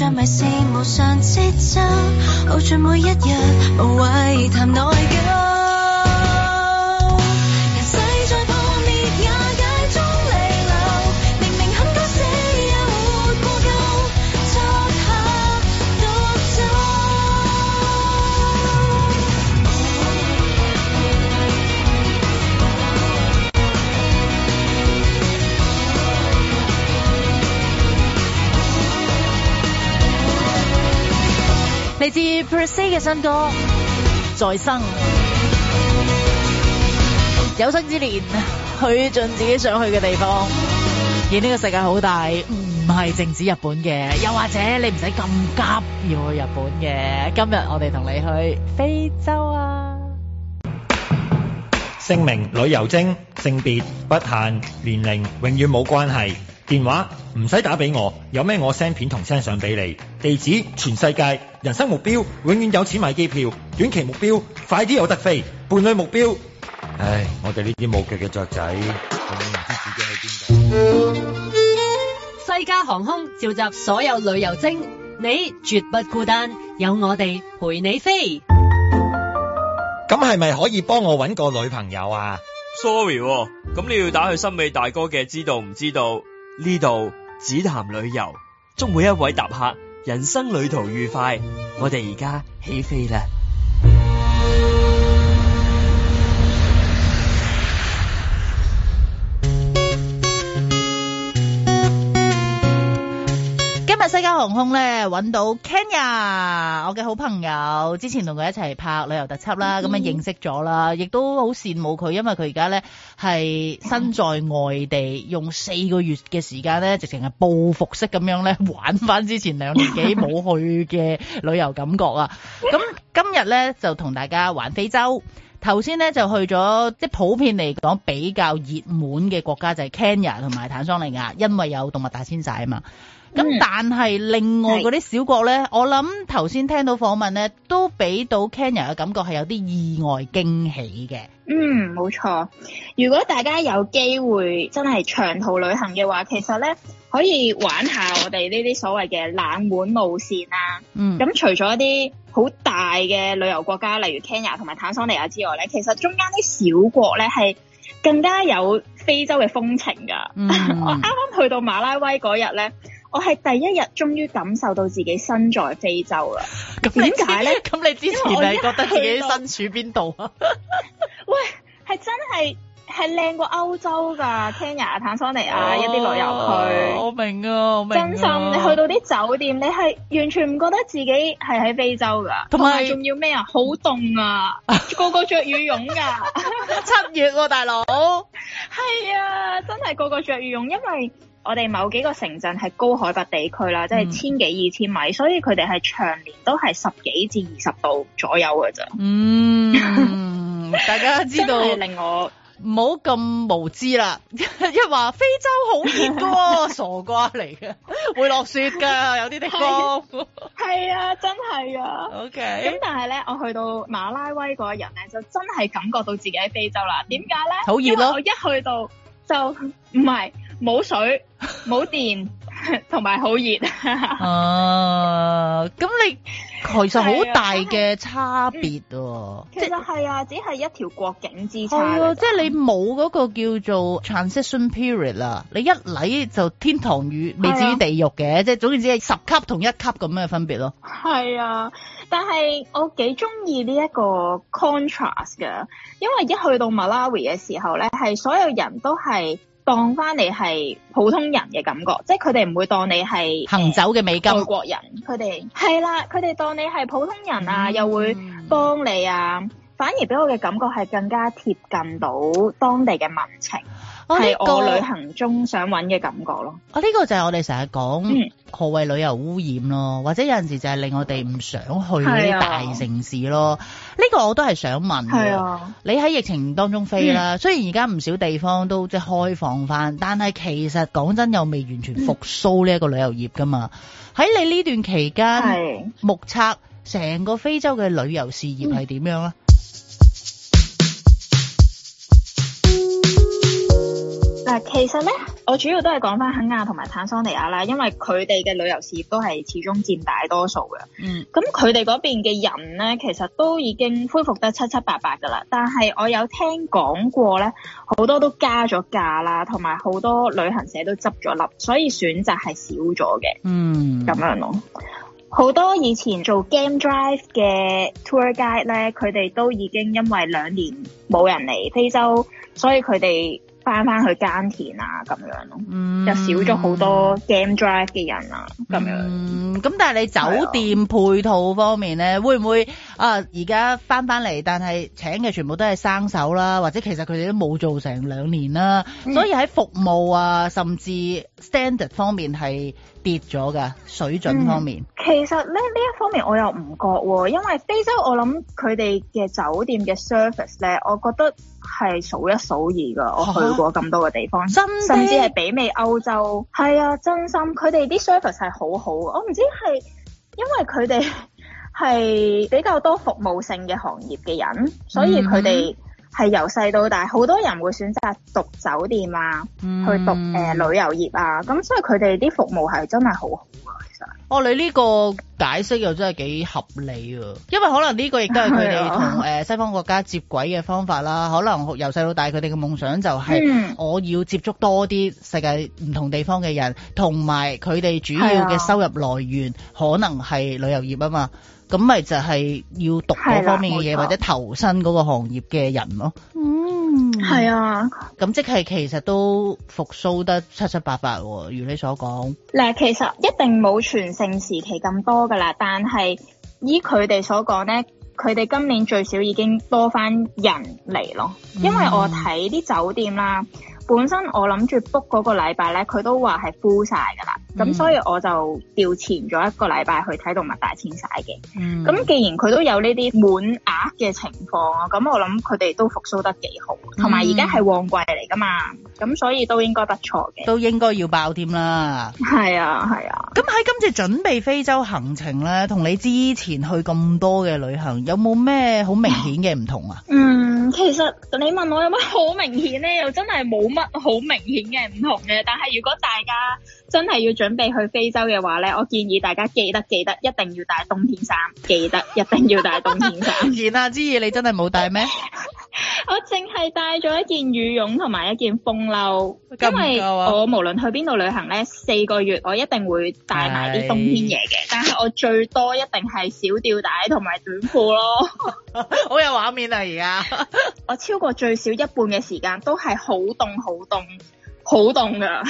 沉迷是無常，節 [NOISE] 奏樂，耗盡每一日，無謂談內疚。至 Percy 嘅新歌《再生》，有生之年去盡自己想去嘅地方。而呢個世界好大，唔係淨止日本嘅，又或者你唔使咁急要去日本嘅。今日我哋同你去非洲啊！姓名、旅遊精，性別不限，年齡永遠冇關係，電話唔使打俾我，有咩我 send 片同 send 相俾你。地址全世界。人生目標永遠有錢買機票，短期目標快啲有得飛，伴侶目標，唉，我哋呢啲冇腳嘅雀仔，永遠唔知自己喺邊度。西加航空召集所有旅遊精，你絕不孤單，有我哋陪你飛。咁係咪可以幫我搵個女朋友啊？Sorry 喎，咁你要打去森美大哥嘅，知道唔知道？呢度只談旅遊，祝每一位搭客。人生旅途愉快，我哋而家起飛啦！航空咧揾到 Kenya，我嘅好朋友，之前同佢一齊拍旅遊特輯啦，咁、嗯、樣認識咗啦，亦都好羨慕佢，因為佢而家咧係身在外地，用四個月嘅時間咧，直情係報復式咁樣咧玩翻之前兩年幾冇去嘅旅遊感覺啊！咁 [LAUGHS] 今日咧就同大家玩非洲，頭先咧就去咗即係普遍嚟講比較熱門嘅國家就係、是、Kenya 同埋坦桑尼亞，因為有動物大遷徙啊嘛。咁、嗯，但係另外嗰啲小國咧，我諗頭先聽到訪問咧，都俾到 Kenya 嘅感覺係有啲意外驚喜嘅。嗯，冇錯。如果大家有機會真係長途旅行嘅話，其實咧可以玩下我哋呢啲所謂嘅冷門路線啦、啊。嗯。咁、嗯、除咗一啲好大嘅旅遊國家，例如 Kenya 同埋坦桑尼亞之外咧，其實中間啲小國咧係更加有非洲嘅風情噶。嗯、 [LAUGHS] 我啱啱去到馬拉威嗰日咧。我係第一日終於感受到自己身在非洲啦。點解咧？咁你之前係覺得自己身處邊度啊？ [LAUGHS] 喂，係真係係靚過歐洲㗎，Kenya、坦桑尼亞、哦、一啲旅遊區。我明啊，我明白、啊。真心，你去到啲酒店，你係完全唔覺得自己係喺非洲㗎。同埋仲要咩啊？好 [LAUGHS] 凍 [LAUGHS] 啊！個個着羽絨㗎，七月喎大佬。係啊，真係個個着羽絨，因為，我哋某幾個城鎮係高海拔地區啦，即係千幾二千米，嗯、所以佢哋係長年都係十幾至二十度左右嘅咋。嗯， [LAUGHS] 大家知道 [LAUGHS] 令我唔好咁無知啦，一話非洲好熱嘅喎，傻瓜嚟嘅，會落雪㗎，有啲地方係 [LAUGHS] 啊，真係啊。OK，咁、嗯、但係咧，我去到馬拉威嗰日咧，就真係感覺到自己喺非洲啦。點解咧？好熱咯！我一去到就唔係。唔係 [LAUGHS] 冇水、冇電，同埋好熱。哦、啊，咁 [LAUGHS] 你其實好大嘅差別喎。其實係啊，啊、嗯、啊，只係一條國境之差。係啊，即係你冇嗰個叫做 transition period 啦，你一嚟就天堂與未至於地獄嘅、啊，即係總之係十級同一級咁嘅分別咯、啊。係啊，但係我幾中意呢一個 contrast 㗎，因為一去到 Malawi 嘅時候咧，係所有人都係。當翻你係普通人嘅感覺，即係佢哋唔會當你係行走嘅美金外、呃、國人，佢哋係啦，佢哋當你係普通人啊、嗯，又會幫你啊，反而俾我嘅感覺係更加貼近到當地嘅民情。喺、哦這個旅行中想揾嘅感覺咯，啊、哦、呢、這個就係我哋成日講何謂旅遊污染咯，或者有陣時候就係令我哋唔想去啲大城市咯。呢、嗯，這個我都係想問嘅、嗯。你喺疫情當中飛啦，嗯、雖然而家唔少地方都即係開放翻，但係其實講真又未完全復蘇呢一個旅遊業噶嘛。喺你呢段期間、嗯，目測成個非洲嘅旅遊事業係點樣啊？嗯啊，其實咧，我主要都係講翻肯亞同埋坦桑尼亞啦，因為佢哋嘅旅遊事業都係始終佔大多數嘅。嗯。咁佢哋嗰邊嘅人咧，其實都已經恢復得七七八八噶啦。但係我有聽講過咧，好多都加咗價啦，同埋好多旅行社都執咗笠，所以選擇係少咗嘅。嗯。咁樣咯。好多以前做 Game Drive 嘅 Tour Guide 咧，佢哋都已經因為兩年冇人嚟非洲，所以佢哋，翻翻去耕田啊，咁樣咯，又、嗯、少咗好多 game drive 嘅人啊，咁樣。咁、嗯嗯、但係你酒店配套方面咧，會唔會啊？而家翻翻嚟，但係請嘅全部都係生手啦，或者其實佢哋都冇做成兩年啦，嗯、所以喺服務啊，甚至 standard 方面係跌咗噶，水準方面。嗯、其實咧呢一方面我又唔覺、啊，因為非洲我諗佢哋嘅酒店嘅 service 咧，我覺得。係數一數二㗎，我去過咁多個地方，啊、甚至係媲美歐洲。係啊，啊，真心佢哋啲 service 係好好。我唔知係因為佢哋係比較多服務性嘅行業嘅人、嗯，所以佢哋係由細到大好多人會選擇讀酒店啊，去讀誒、嗯呃、旅遊業啊，咁所以佢哋啲服務係真係好好啊，其實。我、哦、你呢個解釋又真係幾合理啊，因為可能呢個亦都係佢哋同西方國家接軌嘅方法啦。可能由細到大，佢哋嘅夢想就係我要接觸多啲世界唔同地方嘅人，同埋佢哋主要嘅收入來源可能係旅遊業啊嘛。咁咪就係要讀嗰方面嘅嘢，或者投身嗰個行業嘅人咯、啊。嗯係、嗯、啊，咁即係其實都復蘇得七七八八，啊，如你所講。嗱，其實一定冇全盛時期咁多噶啦，但係依佢哋所講咧，佢哋今年最少已經多翻人嚟咯，因為我睇啲酒店啦。嗯本身我諗住 book 嗰個禮拜咧，佢都話係 full 晒噶啦，咁、嗯、所以我就調前咗一個禮拜去睇動物大遷徙嘅。咁、嗯、既然佢都有呢啲滿額嘅情況啊，咁我諗佢哋都復蘇得幾好，同埋而家係旺季嚟噶嘛，咁所以都應該不錯嘅。都應該要爆添啦。係啊係啊。咁喺、啊、今次準備非洲行程咧，同你之前去咁多嘅旅行，有冇咩好明顯嘅唔同啊？ [LAUGHS] 嗯其實你問我有乜好明顯咧，又真係冇乜好明顯嘅唔同嘅。但係如果大家，真係要準備去非洲嘅話呢，我建議大家記得記得一定要帶冬天衫，記得一定要帶冬天衫。然啦知怡，你真係冇帶咩？ [LAUGHS] 我淨係帶咗一件羽絨同埋一件風褸，啊，因為我無論去邊度旅行呢，四個月我一定會帶埋啲冬天嘢嘅，但係我最多一定係小吊帶同埋短褲咯。 [LAUGHS] 好有畫面啊！而家我超過最少一半嘅時間都係好凍，好凍。好凍噶，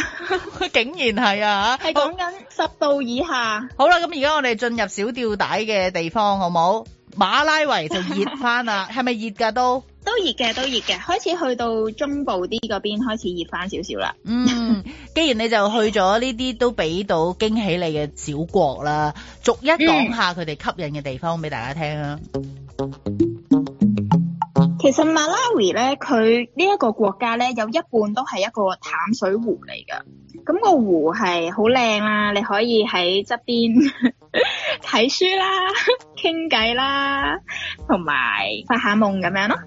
佢 [LAUGHS] 竟然係啊，係講緊十度以下。好啦，咁而家我哋進入小吊帶嘅地方，好冇？馬拉維就熱翻啦，係咪熱噶都？都熱嘅，都熱嘅，開始去到中部啲嗰邊開始熱翻少少啦。嗯，既然你就去咗呢啲都俾到驚喜你嘅小國啦，逐一講下佢哋吸引嘅地方俾大家聽啊。嗯其實 Malawi 咧，佢呢一個國家咧，有一半都係一個淡水湖嚟噶。咁、那個湖係好靚啦，你可以喺側邊睇書啦、傾偈啦，同埋發下夢咁樣咯，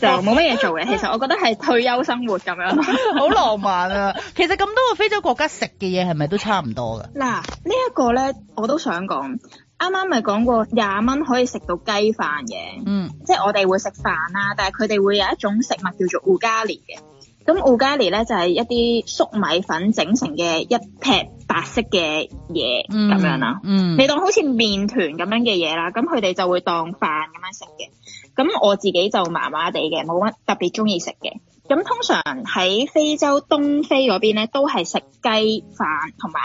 就冇乜嘢做嘅。啊、其實我覺得係退休生活咁樣，好浪漫啊！ [LAUGHS] 其實咁多個非洲國家食嘅嘢係咪都差唔多噶？嗱、這個，呢一個咧，我都想講。啱啱咪講過廿蚊可以食到雞飯嘅，嗯，即係我哋會食飯啦、啊，但係佢哋會有一種食物叫做烏加利嘅，咁烏加利咧就係、是、一啲粟米粉整成嘅一劈白色嘅嘢咁樣啦，嗯，你當好似麵團咁樣嘅嘢啦，咁佢哋就會當飯咁樣食嘅，咁我自己就麻麻地嘅，冇乜特別中意食嘅，咁通常喺非洲東非嗰邊咧都係食雞飯同埋。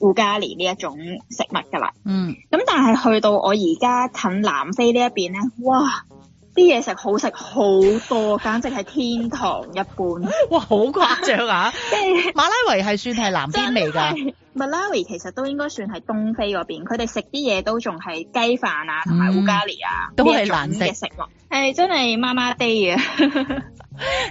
烏加利呢一種食物㗎啦，嗯，咁但係去到我而家近南非呢一邊咧，哇！啲嘢食好食好多， [LAUGHS] 簡直係天堂一般，哇！好誇張啊！即 [LAUGHS] 係馬拉維係算係南邊嚟㗎，馬拉維其實都應該算係東非嗰邊，佢哋食啲嘢都仲係雞飯啊，同埋烏加利啊，嗯、都係難食，誒、欸、真係麻麻地啊！ [LAUGHS]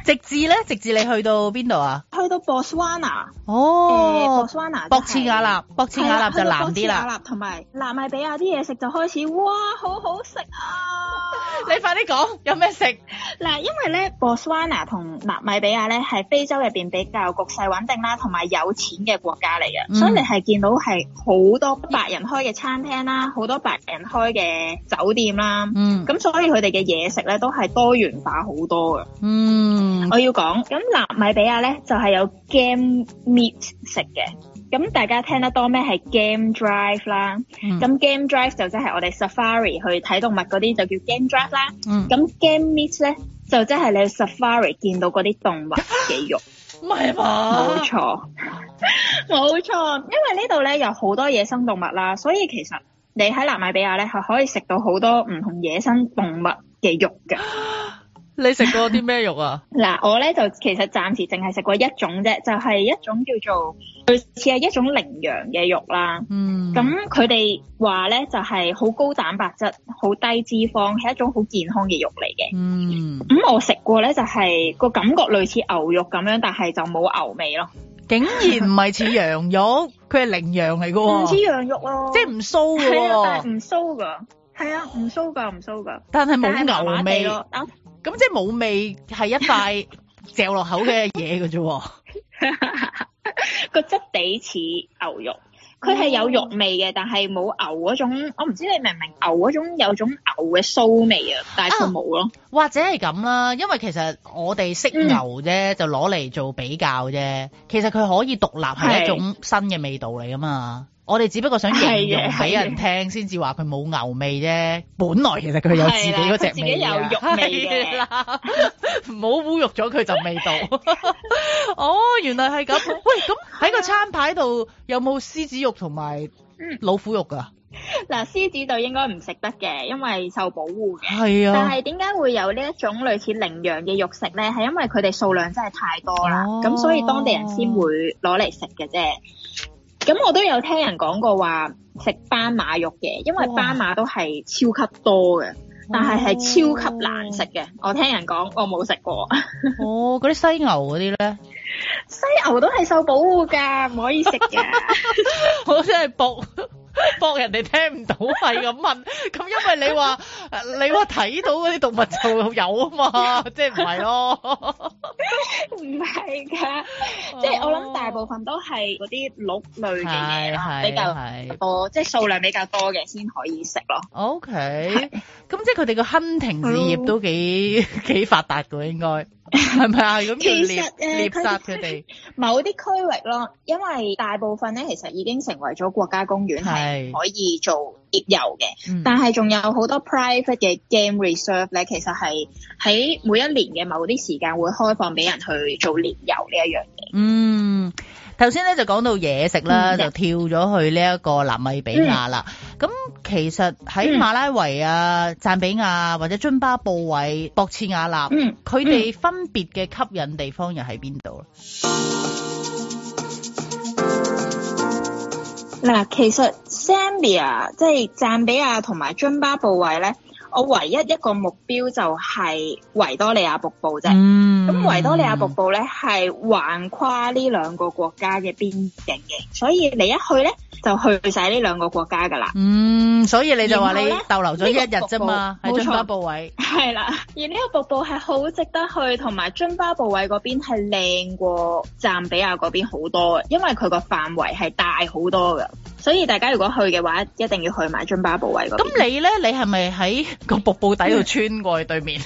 直至咧，直至你去到邊度啊？去到 Boswana 哦，Boswana 博茨瓦納，博茨瓦納就南啲啦。同埋納米比亞啲嘢食就開始，哇，好好食啊！你快啲講有咩食？嗱，因為咧 Boswana 同納米比亞咧係非洲入邊比較局勢穩定啦，同埋有錢嘅國家嚟嘅。嗯。所以你係見到係好多白人開嘅餐廳啦，好多白人開嘅酒店啦。嗯。咁所以佢哋嘅嘢食咧都係多元化好多嘅。嗯。嗯，我要講，咁納米比亞咧就係、是、有 game meat 食嘅，咁大家聽得多咩係 game drive 啦，咁、嗯、game drive 就即係我哋 safari 去睇動物嗰啲就叫 game drive 啦，咁、嗯、game meat 咧就即係你去 safari 見到嗰啲動物嘅肉，唔係嘛？冇錯，冇錯， [LAUGHS] 因為呢度咧有好多野生動物啦，所以其實你喺納米比亞咧係可以食到好多唔同野生動物嘅肉嘅。啊你食過啲咩肉啊？嗱， [LAUGHS] 我咧就其實暫時淨係食過一種啫，就係、是、一種叫做類似係一種羚羊嘅肉啦。嗯。咁佢哋話咧就係、是、好高蛋白質，好低脂肪，係一種好健康嘅肉嚟嘅。嗯。咁、嗯、我食過咧就係、是、個感覺類似牛肉咁樣，但係就冇牛味咯。竟然唔係似羊肉，佢 [LAUGHS] 係羚羊嚟噶。唔似羊肉、啊啊啊啊、咯。即係唔酥噶。係啊，但係唔酥噶。係啊，唔酥噶，唔酥噶。但係冇牛味咯。咁即係冇味，係一塊嚼落口嘅嘢嘅啫。個 [LAUGHS] 質地似牛肉，佢係有肉味嘅，嗯，但係冇牛嗰種。我唔知你明唔明牛嗰種有種牛嘅騷味啊，但係佢冇咯。或者係咁啦，因為其實我哋識牛啫，嗯，就攞嚟做比較啫。其實佢可以獨立係一種新嘅味道嚟噶嘛。我哋只不過想形容俾人聽先至話佢冇牛味啫，本來其實佢有自己嗰隻味嘅。自己有肉味嘅啦，唔好侮辱咗佢就味道。哦，原來係咁。喂，咁喺個餐牌度有冇獅子肉同埋老虎肉啊？嗱，獅子就應該唔食得嘅，因為受保護嘅。係啊。但係點解會有呢一種類似羚羊嘅肉食咧？係因為佢哋數量真係太多啦，咁所以當地人先會攞嚟食嘅啫。咁我都有聽人講過話食斑馬肉嘅，因為斑馬都係超級多嘅，但係係超級難食嘅。我聽人講，我冇食過。 [LAUGHS] 哦，嗰啲犀牛嗰啲咧？犀牛都係受保護㗎，唔可以食嘅。 [LAUGHS] 我真係保博人哋聽唔到係咁 [LAUGHS] 問，咁因為你話 [LAUGHS] 你話睇到嗰啲動物就有啊嘛，即係唔係咯？ [LAUGHS] 唔係㗎，即係我諗大部分都係嗰啲鹿類嘅嘢比較多，是是是即係數量比較多嘅先可以食咯 okay。O K，咁即係佢哋嘅 hunting 事業都幾、嗯、幾發達㗎，應該。係咪啊？咁獵獵殺佢哋？某啲區域咯，因為大部分咧，其實已經成為咗國家公園，係可以做獵遊嘅。嗯、但係仲有好多 private 嘅 game reserve 咧，其實係喺每一年嘅某啲時間會開放俾人去做獵遊，嗯、呢一樣嘢。嗯，頭先咧就講到嘢食啦，就跳咗去呢一個南米比亞啦，嗯。咁其實喺馬拉維啊、贊、嗯、比亞或者津巴布韋、博茨瓦納，佢、嗯、哋分別嘅吸引地方又喺邊度？嗱、嗯嗯，其實 Zambia 即係贊比亞同埋津巴布韋咧，我唯一一個目標就係維多利亞瀑布啫。咁、嗯、維多利亞瀑布咧係橫跨呢兩個國家嘅邊境嘅，所以你一去咧。就去晒呢兩個國家噶啦，嗯，所以你就話你逗留咗一日啫嘛喺津巴布韋，係啦，而呢個瀑布係好值得去，同埋津巴布韋嗰邊係靚過贊比亞嗰邊好多，因為佢個範圍係大好多噶，所以大家如果去嘅話，一定要去埋津巴布韋嗰邊。咁你咧，你係咪喺個瀑布底度穿過去對面，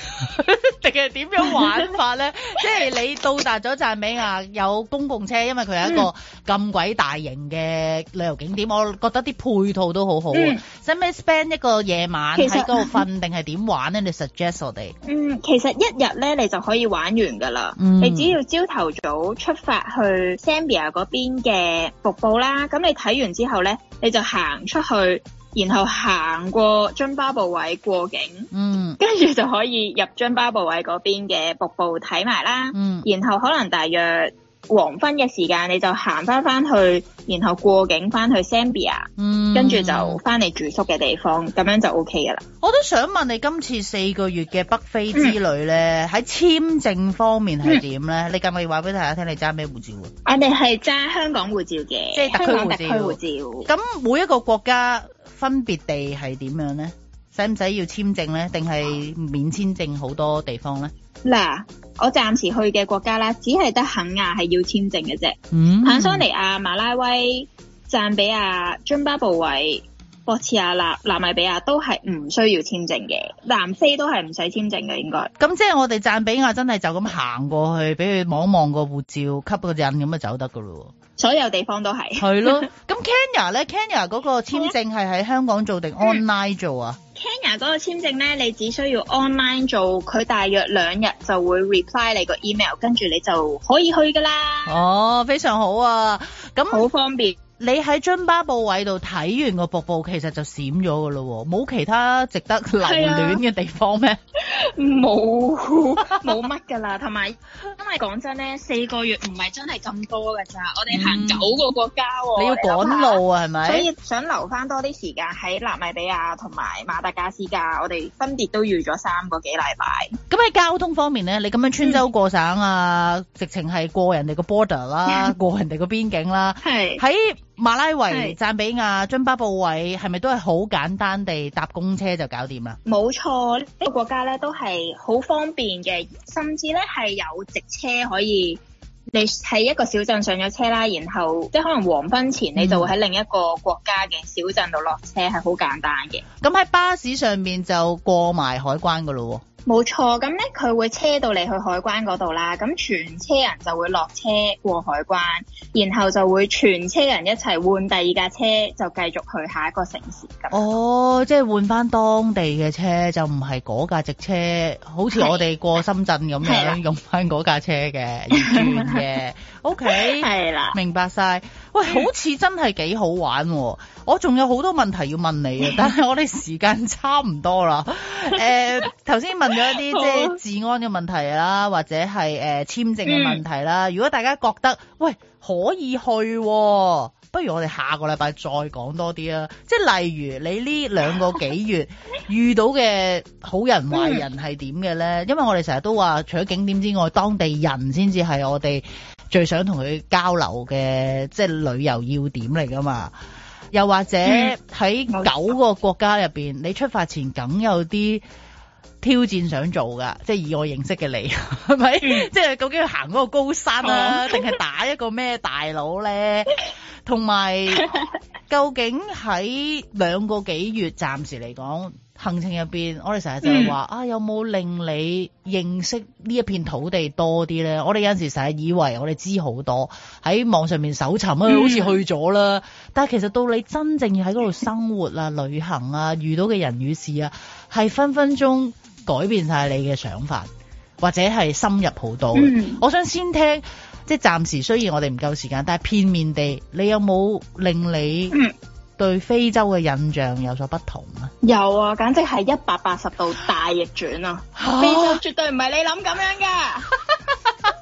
定係點樣玩法咧？ [LAUGHS] 即係你到達咗贊比亞有公共車，因為佢係一個咁鬼大型嘅旅遊。景點，我覺得啲配套都好好。使唔使 spend 一個夜晚喺嗰度瞓定係點玩咧？你 suggest 我哋。嗯，其實一日咧，你就可以玩完㗎啦，嗯。你只要朝頭早出發去 Sambia 嗰邊嘅瀑布啦，咁你睇完之後咧，你就行出去，然後行過津巴布韋過境，嗯，跟住就可以入津巴布韋嗰邊嘅瀑布睇埋啦。嗯，然後可能大約，黃昏嘅時間，你就行翻翻去，然後過境翻去 Sambia，嗯，跟住就翻嚟住宿嘅地方，咁樣就 OK 噶啦。我都想問你，今次四個月嘅北非之旅咧，喺、嗯、簽證方面係點咧？你可唔可以話俾大家聽、啊，你揸咩護照？我哋係揸香港護照嘅，即係特區護照。咁每一個國家分別地係點樣咧？使唔使要簽證咧？定係免簽證好多地方咧？嗱、啊。我暫時去嘅國家啦，只係得肯亞係要簽證嘅啫。肯、嗯、坦桑尼亞，馬拉威、贊比亞、津巴布韋、博茨瓦納、納米比亞都係唔需要簽證嘅。南非都係唔使簽證嘅應該。咁即係我哋贊比亞真係就咁行過去，俾佢望望個護照，吸個印咁就走得㗎咯。所有地方都係。係 [LAUGHS] 咯。咁 Kenya 咧，Kenya 嗰個簽證係喺香港做定 online 做啊？嗯 Kenya 嗰個簽證咧，你只需要 online 做，佢大約兩日就會 reply 你個 email，跟住你就可以去㗎啦。哦，非常好啊，咁好方便。你喺津巴布韋度睇完個瀑布，其實就閃咗噶喎。冇其他值得留戀嘅地方咩？冇、啊，冇乜噶啦。同埋， [LAUGHS] 因為講真咧，四個月唔係真係咁多噶咋、嗯，我哋行九個國家，你要趕路想想啊，係咪？所以想留翻多啲時間喺納米比亞同埋馬達加斯加，我哋分別都預咗三個幾禮拜。咁、嗯、喺交通方面咧，你咁樣穿州過省啊，直情係過人哋個 border 啦， [LAUGHS] 過人哋個邊境啦，係喺。馬拉維、贊比亞、津巴布韋，係咪都係好簡單地搭公車就搞掂呀？冇錯，呢、這個國家咧都係好方便嘅，甚至咧係有直車可以，你喺一個小鎮上咗車啦，然後即係可能黃昏前你就會喺另一個國家嘅小鎮度落車，係、嗯、好簡單嘅。咁喺巴士上面就過埋海關噶啦。冇錯，咁咧佢會車到你去海關嗰度啦，咁全車人就會落車過海關，然後就會全車人一齊換第二架車，就繼續去下一個城市咁。哦，即係換翻當地嘅車，就唔係嗰架直車，好似我哋過深圳咁樣用翻嗰架車嘅轉嘅。OK，係啦，明白晒。喂，好似真係幾好玩。我仲有好多問題要問你啊，但係我哋時間差唔多啦。誒、 [LAUGHS] 欸，頭先問。咁有一啲即係治安嘅問題啦，或者係誒簽證嘅問題啦、嗯。如果大家覺得喂，可以去、哦，不如我哋下個禮拜再講多啲啦。即係例如你呢兩個幾月遇到嘅好人壞人係點嘅咧？因為我哋成日都話，除咗景點之外，當地人先至係我哋最想同佢交流嘅，即係旅遊要點嚟㗎嘛。又或者喺九、嗯、個國家入邊，你出發前梗有啲。挑戰想做㗎，即係以我認識嘅你，係咪、嗯？即係究竟要行嗰個高山啊，定、嗯、係打一個咩大佬咧？同 [LAUGHS] 埋究竟喺兩個幾月暫時嚟講行程入邊，我哋成日就係話啊，有冇令你認識呢一片土地多啲咧？我哋有陣時成日以為我哋知好多喺網上面搜尋啊，好似去咗啦、嗯，但係其實到你真正要喺嗰度生活啊、 [LAUGHS] 旅行啊、遇到嘅人與事啊，係分分鐘，改變晒你嘅想法，或者係深入好多、嗯。我想先聽，即係暫時雖然我哋唔夠時間，但係片面地，你有冇令你對非洲嘅印象有所不同啊、嗯？有啊，簡直係一百八十度大逆轉啊，啊！非洲絕對唔係你諗咁樣㗎。 [LAUGHS]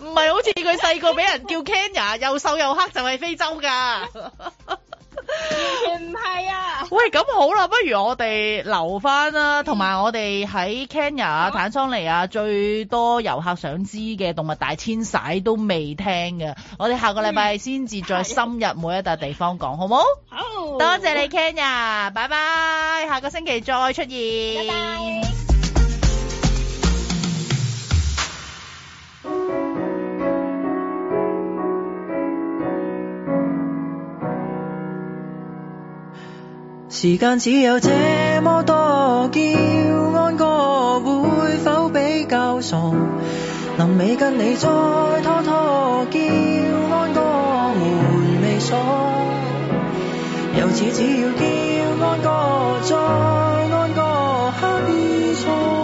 唔 [LAUGHS] 係好似佢細個俾人叫 Kenya， [LAUGHS] 又瘦又黑就係非洲㗎， [LAUGHS] 完全唔係啊！喂，咁好啦，不如我哋留翻啦，同、嗯、埋我哋喺 Kenya、嗯、坦桑尼亞最多遊客想知嘅動物大遷徙都未聽嘅，我哋下個禮拜先至再深入每一笪地方講，好唔好？好，多謝你 Kenya，拜拜，下個星期再出現。拜拜。時間只有這麼多，叫安哥會否比較傻？臨尾跟你再拖拖，叫安哥門未鎖，由此只要叫安哥，再安哥刻意錯。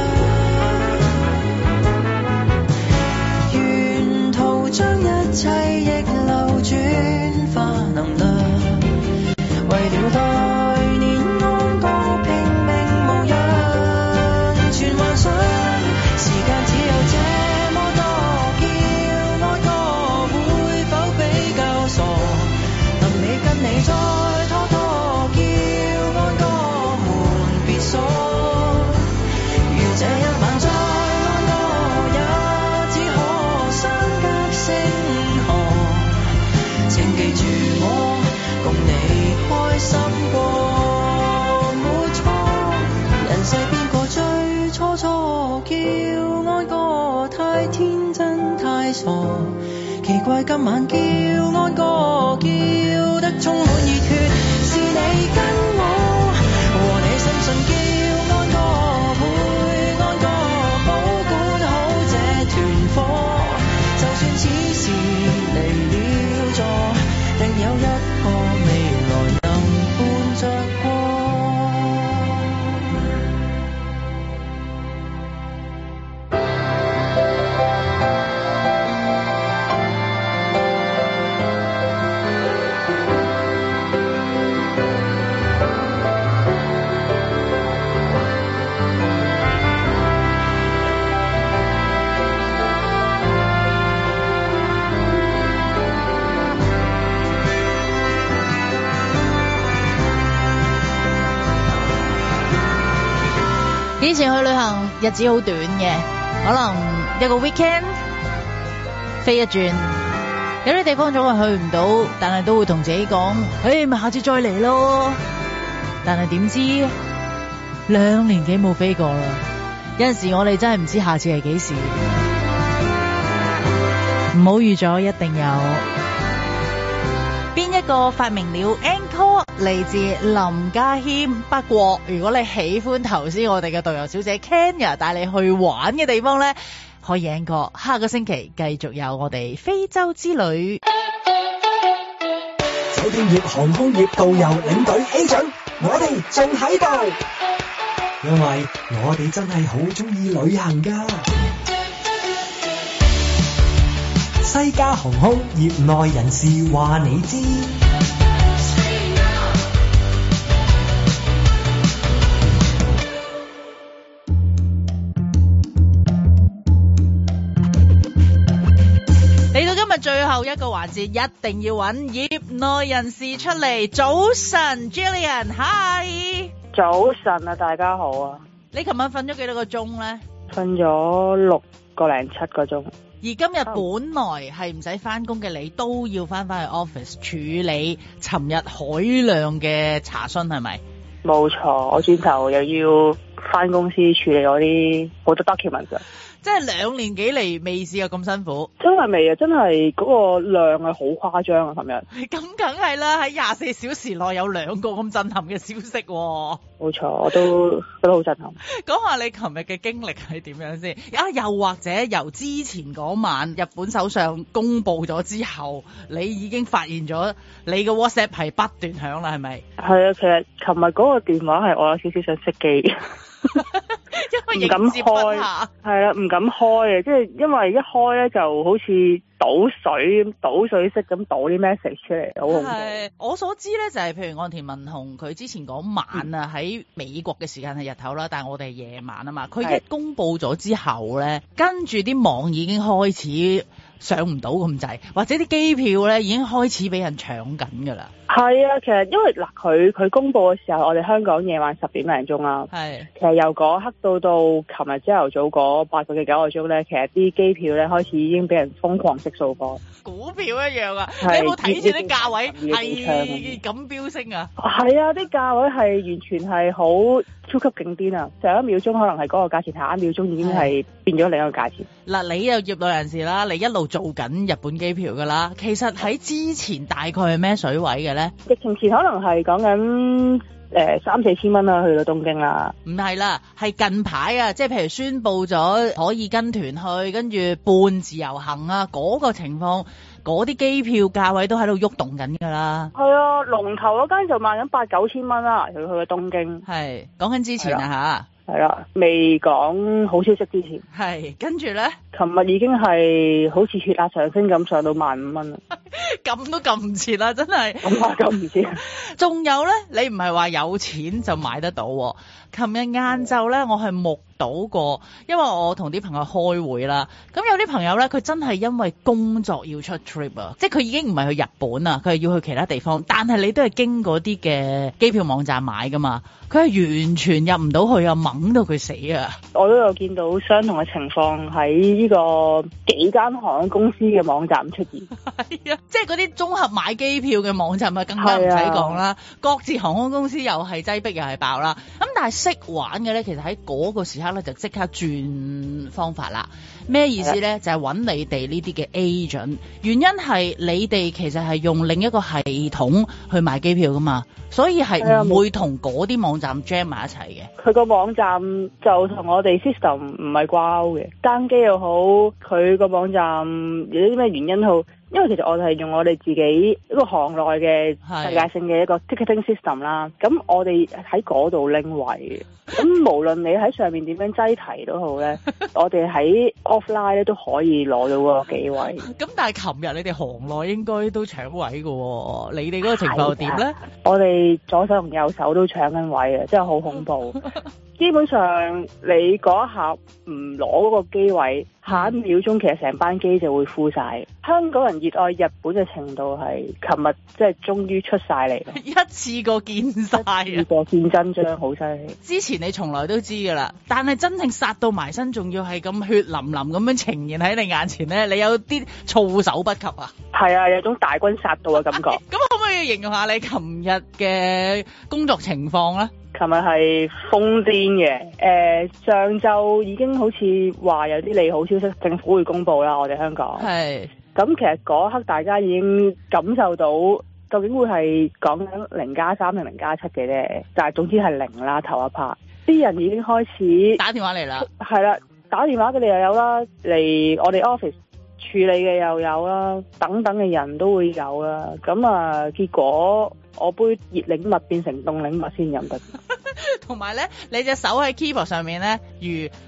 今晚叫安歌，叫得充滿熱血，是你跟。之前去旅行日子好短嘅，可能一個 weekend 飛一轉，有啲地方總係去唔到，但係都會同自己講，誒、hey, 咪下次再嚟咯。但係點知兩年幾冇飛過啦，有陣時我哋真係唔知下次係幾時，唔好預咗一定有。個發明了 Anchor，嚟自林家謙。不過如果你喜歡頭先我哋嘅導遊小姐 Kenya 帶你去玩嘅地方咧，可以一個下個星期繼續有我哋非洲之旅。酒店業、航空業、導遊領隊 A 準，我哋仲喺度。因為我哋真係好中意旅行噶。西加航空業內人士話你知。最後一個環節一定要揾業內人士出嚟。早晨，Jillian，h i 早晨啊，大家好啊。你琴晚瞓咗幾多個鐘咧？瞓咗六個零七個鐘。而今日本來係唔使翻工嘅你，都要翻翻去 office 處理尋日海量嘅查詢，係咪？冇錯，我轉頭又要翻公司處理我啲好多 document。即係兩年幾嚟未試過咁辛苦，真係未啊！真係嗰個量係好誇張啊！琴日咁，梗係啦，喺廿四小時內有兩個咁震撼嘅消息哦。冇錯，我都覺得好震撼。講下你琴日嘅經歷係點樣先？啊，又或者由之前嗰晚日本首相公布咗之後，你已經發現咗你嘅 WhatsApp 係不斷響啦，係咪？係啊，其實琴日嗰個電話係我有少少想熄機。 [LAUGHS] 唔敢開，係啦，唔敢開啊！即係因為一開咧，就好似倒水、倒水式咁倒啲 message 出嚟。好，我所知咧就係，譬如岸田文雄佢之前嗰晚啊，喺美國嘅時間係日頭啦，但係我哋係夜晚啊嘛。佢一公布咗之後咧，跟住啲網已經開始上唔到咁滯，或者啲機票咧已經開始俾人搶緊㗎啦。係啊，其實因為嗱，佢佢公佈嘅時候，我哋香港夜晚十點零鐘啦，係、啊、其實由嗰刻到到琴日朝頭早嗰八個幾九個鐘咧，其實啲機票咧開始已經俾人瘋狂式掃過，股票一樣啊！你冇睇住啲價位係咁飆升啊？係啊，啲價位係完全係好超級勁啲啊 [LAUGHS] 上！上一秒鐘可能係嗰個價錢，下一秒鐘已經係變咗另一個價錢。嗱、啊，你又業內人士啦，你一路，做緊日本機票噶啦，其實喺之前大概係咩水位嘅咧？疫情前可能係講緊誒三四千蚊啦，去到東京啦。唔係啦，係近排啊，即係譬如宣布咗可以跟團去，跟住半自由行啊，嗰個情況，嗰啲機票價位都喺度喐動緊噶啦。係啊，龍頭嗰間就賣緊八九千蚊啦，去去到東京。係講緊之前啊，嚇係啦，未講好消息之前，係跟住咧，琴日已經係好似血壓上升咁，上到萬五蚊啦，咁都撳唔切啦，真係，咁啊撳唔切，仲有咧，你唔係話有錢就買得到，琴日晏晝咧，我係木。到過，因為我同啲朋友開會啦。咁有啲朋友呢，佢真係因為工作要出 trip 啊，即係佢已經唔係去日本啊，佢係要去其他地方。但係你都係經嗰啲嘅機票網站買噶嘛，佢係完全入唔到去啊，懵到佢死啊！我都有見到相同嘅情況喺呢個幾間航空公司嘅網站出現， [LAUGHS] 係啊、即係嗰啲綜合買機票嘅網站咪更加唔使講啦。各自航空公司又係擠逼又係爆啦。咁但係識玩嘅呢，其實喺嗰個時候。咧就即刻轉方法啦。咩意思咧？就係、是、揾你哋呢啲嘅 agent，原因係你哋其實係用另一個系統去買機票噶嘛，所以係唔會同嗰啲網站 jam 埋一齊嘅。佢個網站就同我哋 system 唔係掛鈎嘅，單機又好，佢個網站有啲咩原因好？因為其實我哋係用我哋自己一個行內嘅世界性嘅一個 ticketing system 啦。咁我哋喺嗰度拎位，咁無論你喺上面點樣擠題都好咧， [LAUGHS] 我哋喺。offline 咧都可以攞到嗰個機位，咁 [LAUGHS] 但係琴日你哋行內應該都搶位嘅、哦，你哋嗰個情況點咧？ [LAUGHS] [LAUGHS] 我哋左手同右手都搶緊位啊，真係好恐怖。 [LAUGHS] 基本上你嗰一下唔攞嗰個機位，下一秒鐘其實成班機就會枯曬。香港人熱愛日本嘅程度係，琴日即係終於出曬嚟， [LAUGHS] 一次過見曬，一次過見真章，好犀利。之前你從來都知㗎啦，但係真正殺到埋身，仲要係咁血淋淋咁樣呈現喺你眼前咧，你有啲措手不及啊！係啊，有種大軍殺到嘅感覺。咁 [LAUGHS] 可唔可以形容下你琴日嘅工作情況咧？同埋係瘋癲嘅，誒、呃、上晝已經好似話有啲利好消息，政府會公布啦，我哋香港係咁，其實嗰刻大家已經感受到究竟會係講緊零加三定零加七嘅咧，但係總之係零啦頭一拍，啲人已經開始打電話嚟啦，係啦，打電話嘅你又有啦，嚟我哋 office 處理嘅又有啦，等等嘅人都會有啦咁啊、呃、結果我杯熱檸蜜變成凍檸蜜先飲得。 [LAUGHS] 同埋咧，你隻手喺 keyboard 上面咧，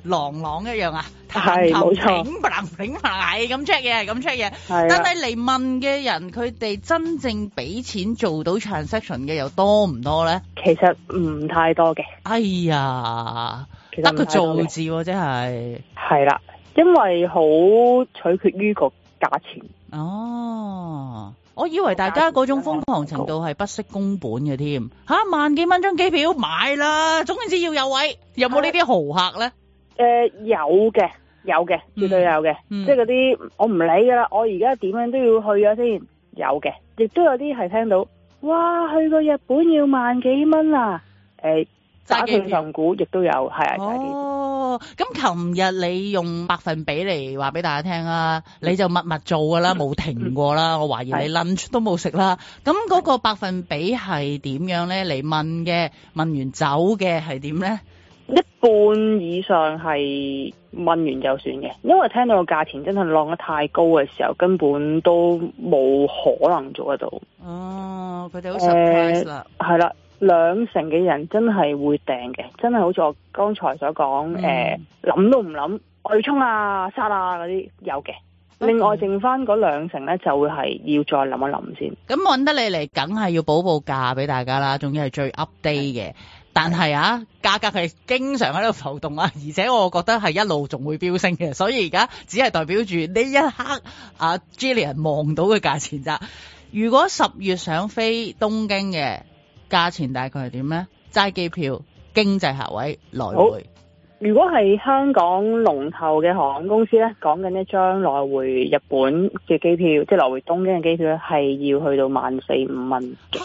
如狼狼一樣啊，探頭頂、擰頭、擰埋咁 check 嘢，咁 check 嘢。係，但係嚟問嘅人，佢哋真正俾錢做到 transaction 嘅又多唔多咧？其實唔太多嘅。哎呀，得個造字真係。係啦，因為好取決於個價錢。啊。哦。啊。我以為大家嗰種瘋狂程度係不惜工本嘅添嚇，萬幾蚊張機票買啦，總言之要有位，有冇呢啲豪客呢？誒有嘅，有嘅絕對有嘅、嗯嗯，即係嗰啲我唔理噶啦，我而家點樣都要去啊先。有嘅，亦都有啲係聽到，哇，去個日本要萬幾蚊啊！誒、欸。債券股亦都有，係啊，哦。咁琴日你用百分比嚟話俾大家聽啦，你就密密做噶啦，冇停過啦。我懷疑你 lunch 都冇食啦。咁嗰個百分比係點樣咧？嚟問嘅，問完走嘅係點咧？一半以上係問完就算嘅，因為聽到個價錢真係浪得太高嘅時候，根本都冇可能做得到。哦，佢哋好 surprise 啦，係啦。兩成嘅人真係會訂嘅，真係好似我剛才所講，誒、嗯、諗、呃、都唔諗，外沖啊、沙啊嗰啲有嘅、嗯。另外，剩翻嗰兩成呢，就會係要再諗一諗先。咁搵得你嚟，梗係要補報價俾大家啦。仲要係最 update 嘅，但係啊，價格係經常喺度浮動啊，而且我覺得係一路仲會飆升嘅，所以而家只係代表住呢一刻啊 Jillian 望到嘅價錢咋。如果十月想飛東京嘅，價錢大概係點呢？齋機票經濟客位來回，如果係香港龍頭嘅航空公司呢，講緊一張來回日本嘅機票，即係來回東京嘅機票呢係要去到萬四五蚊。啊！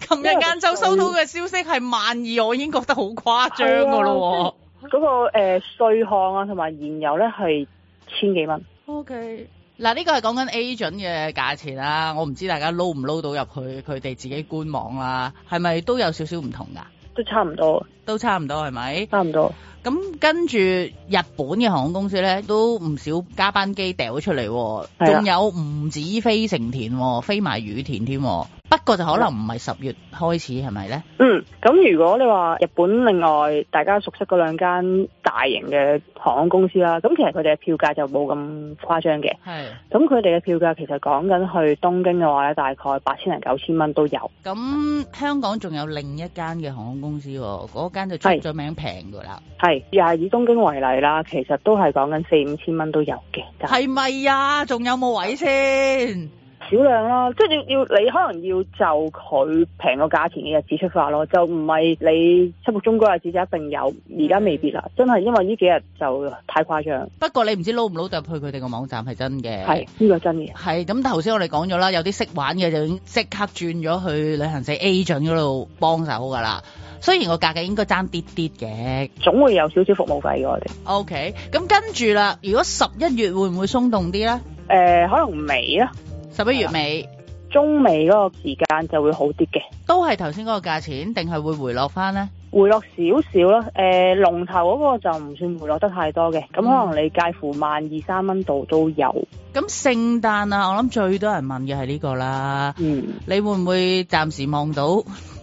琴日晏晝收到嘅消息係萬二，我已經覺得好誇張噶咯。嗰個誒稅項啊，同埋燃油呢係千幾蚊。O K。嗱，呢個係講緊 agent 嘅價錢啦，我唔知大家撈唔撈到入去佢哋自己官網啦，係咪都有少少唔同㗎？都差唔多。都差唔多係咪？差唔多。咁跟住日本嘅航空公司咧，都唔少加班機掉咗出嚟，哦，仲有唔止飛成田，哦，飛埋羽田添。不過就可能唔係十月開始係咪咧？嗯。咁如果你話日本另外大家熟悉嗰兩間大型嘅航空公司啦，咁其實佢哋嘅票價就冇咁誇張嘅。係。咁佢哋嘅票價其實講緊去東京嘅話咧，大概八千零九千蚊都有。咁香港仲有另一間嘅航空公司嗰間就出咗名平噶啦，係又係以東京為例啦，其實都係講緊四五千蚊都有嘅，係咪啊？仲有冇位先？少量啦，即係要要，你可能要就佢平個價錢嘅日子出發咯，就唔係你心目中嗰日子就一定有，而家未必啦，真係因為呢幾日就太誇張。不過你唔知撈唔撈得入去佢哋個網站係真嘅，係呢個真嘅。係咁，頭先我哋講咗啦，有啲識玩嘅就已經即刻轉咗去旅行社 agent 嗰度幫手噶啦。雖然我價格應該爭啲啲嘅，總會有少少服務費㗎。我哋 OK，咁跟住啦，如果十一月會唔會鬆動啲咧？誒，可能尾咯，十一月尾中尾嗰個時間就會好啲嘅。都係頭先嗰個價錢，定係會回落翻咧？回落少少咯。誒，龍頭嗰個就唔算回落得太多嘅。咁可能你介乎萬二三蚊度都有。咁聖誕啊，我諗最多人問嘅係呢個啦。嗯，你會唔會暫時望到？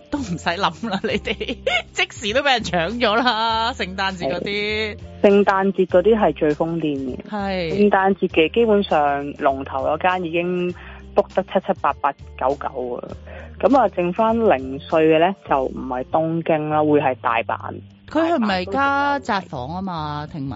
都唔使諗啦，你哋 [LAUGHS] 即時都俾人搶咗啦！聖誕節嗰啲，聖誕節嗰啲係最瘋癲嘅，係聖誕節嘅基本上龍頭嗰間已經 book 得七七八八九九啊，咁啊剩翻零碎嘅咧，就唔係東京啦，會係大阪。佢係咪加窄房啊嘛？聽聞。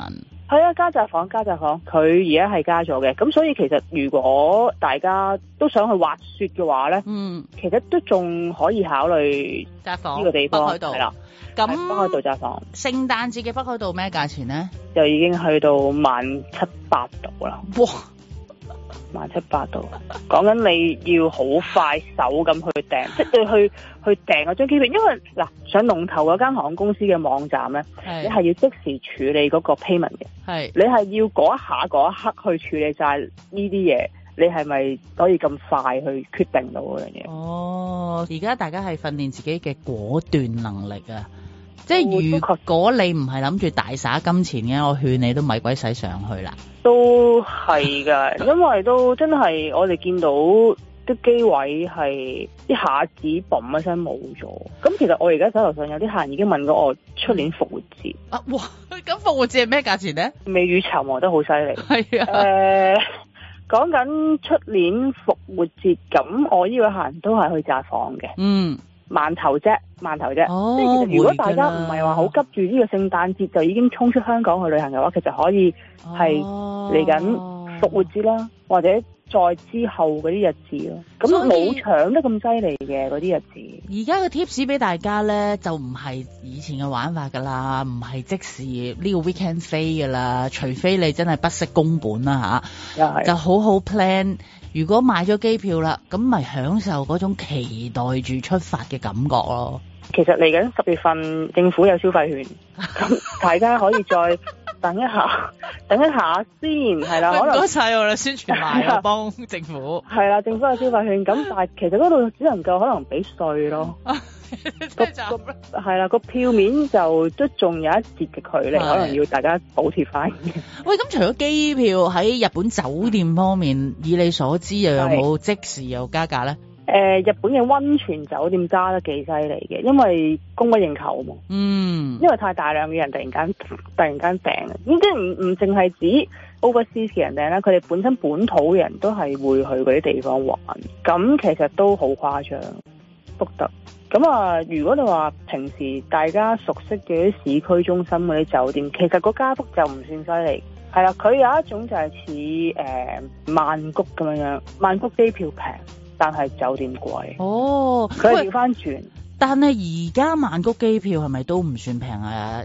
係啊，加窄房加窄房，佢而家係加咗嘅，咁所以其實如果大家都想去滑雪嘅話咧，嗯，其實都仲可以考慮窄房呢個地方，北海道係啦，咁北海道窄房，聖誕節嘅北海道咩價錢咧？就已經去到萬七八度啦。哇萬七八度，講緊你要好快手咁去訂，即係去去，去訂嗰張機票，因為嗱上龍頭嗰間航空公司嘅網站咧，你係要即時處理嗰個 payment 嘅，係你係要嗰一下嗰一刻去處理晒呢啲嘢，你係咪可以咁快去決定到嗰樣嘢？哦，而家大家係訓練自己嘅果斷能力啊！即係如果你唔係諗住大灑金錢嘅，我勸你都咪鬼使上去啦。都係噶，因為都真係我哋見到啲機位係一下子嘣一聲冇咗。咁其實我而家手頭上有啲客人已經問過我出年復活節啊，哇！咁復活節係咩價錢咧？未雨綢繆得好犀利。係啊，誒、uh,，講緊出年復活節，咁我呢位客人都係去札幌嘅。嗯。饅頭啫，饅頭啫，即、哦、係如果大家唔係話好急住呢個聖誕節就已經衝出香港去旅行嘅話，其實可以係嚟緊復活節啦，或者再之後嗰啲日子咯。咁冇搶得咁犀利嘅嗰啲日子。而家嘅 tips 俾大家咧，就唔係以前嘅玩法㗎啦，唔係即時呢個 weekend 飛㗎啦，除非你真係不惜工本啦嚇、又係，就好好 plan。如果買咗機票啦，咁咪享受嗰種期待住出發嘅感覺咯。其實嚟緊十月份，政府有消費券，咁 [LAUGHS] 大家可以再。等一下，等一下先，係啦，可能多晒我啦，宣傳埋，幫政府，係啦，政府有消費券，咁 [LAUGHS] 但係其實嗰度只能夠可能俾稅咯， [LAUGHS] 個係啦，個票面就都仲有一截嘅距離，可能要大家補貼翻嘅。喂，咁除咗機票喺日本酒店方面，嗯、以你所知又有冇即時又加價咧？誒，日本嘅溫泉酒店揸得幾犀利嘅，因為供不應求啊嘛。嗯、mm.，因為太大量嘅人突然間突然間訂，咁即係唔唔淨係指 overseas 人訂啦，佢哋本身本土人都係會去嗰啲地方玩，咁其實都好誇張 book 得。咁啊，如果你話平時大家熟悉嘅啲市區中心嗰啲酒店，其實個加幅就唔算犀利。係啦，佢有一種就係似誒曼谷咁樣樣，曼谷機票平。但係酒店貴哦，佢調翻轉。但係而家曼谷機票係咪都唔算平啊？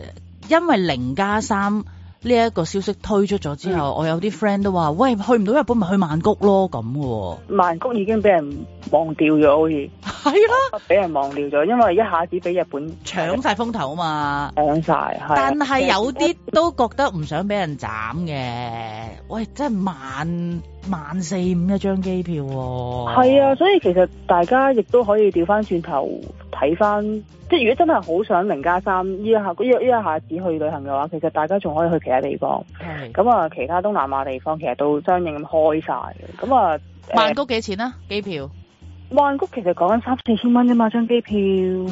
因為零加三。呢、這、一個消息推出咗之後，嗯、我有啲 friend 都話，喂，去唔到日本咪去曼谷咯咁嘅。曼谷已經俾人忘掉咗，好似係咯，俾、啊、人忘掉咗，因為一下子俾日本搶晒風頭啊嘛，搶曬、啊。但係有啲都覺得唔想俾人斬嘅， [LAUGHS] 喂，真係萬萬四五一張機票喎、啊。係啊，所以其實大家亦都可以掉翻轉頭。睇翻，即係如果真係好想零加三呢下一下子去旅行嘅話，其實大家仲可以去其他地方。咁啊，其他東南亞地方其實都相應咁開晒。咁啊，呃，曼谷幾錢啊？機票？曼谷其實講緊三四千蚊啫嘛，張機票。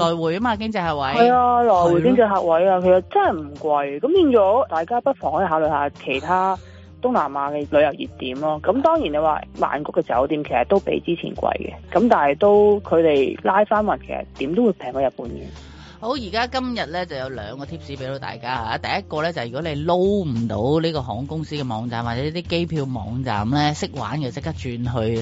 來回啊嘛，經濟客位。係啊，來回經濟客位啊，的其實真係唔貴。咁變咗，大家不妨可以考慮下其他。 [LAUGHS] 東南亞嘅旅遊熱點咯，咁當然你話曼谷嘅酒店其實都比之前貴嘅，咁但係都佢哋拉翻勻，其實點都會平過日本嘅。好，而家今日咧就有兩個 tips 俾到大家吓。第一個咧就係、如果你撈唔到呢個航空公司嘅網站或者啲機票網站咧，識玩嘅即刻轉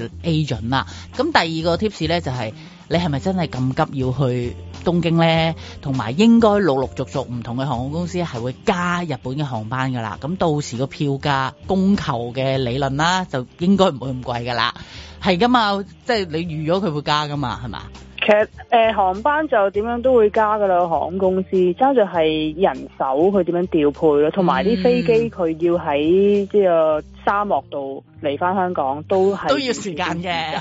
去 agent 啦。咁第二個 tips 咧就係、係、你係咪真係咁急要去東京咧？同埋應該陸陸續續唔同嘅航空公司係會加日本嘅航班噶啦。咁到時個票價供求嘅理論啦，就應該唔會咁貴噶啦。係噶嘛，即、就、係、係、你預咗佢會加噶嘛，係嘛？其實誒、呃，航班就點樣都會加噶啦，航空公司。加上係人手去點樣調配咯，同埋啲飛機佢、嗯、要喺即係沙漠度嚟翻香港都係都要時間嘅，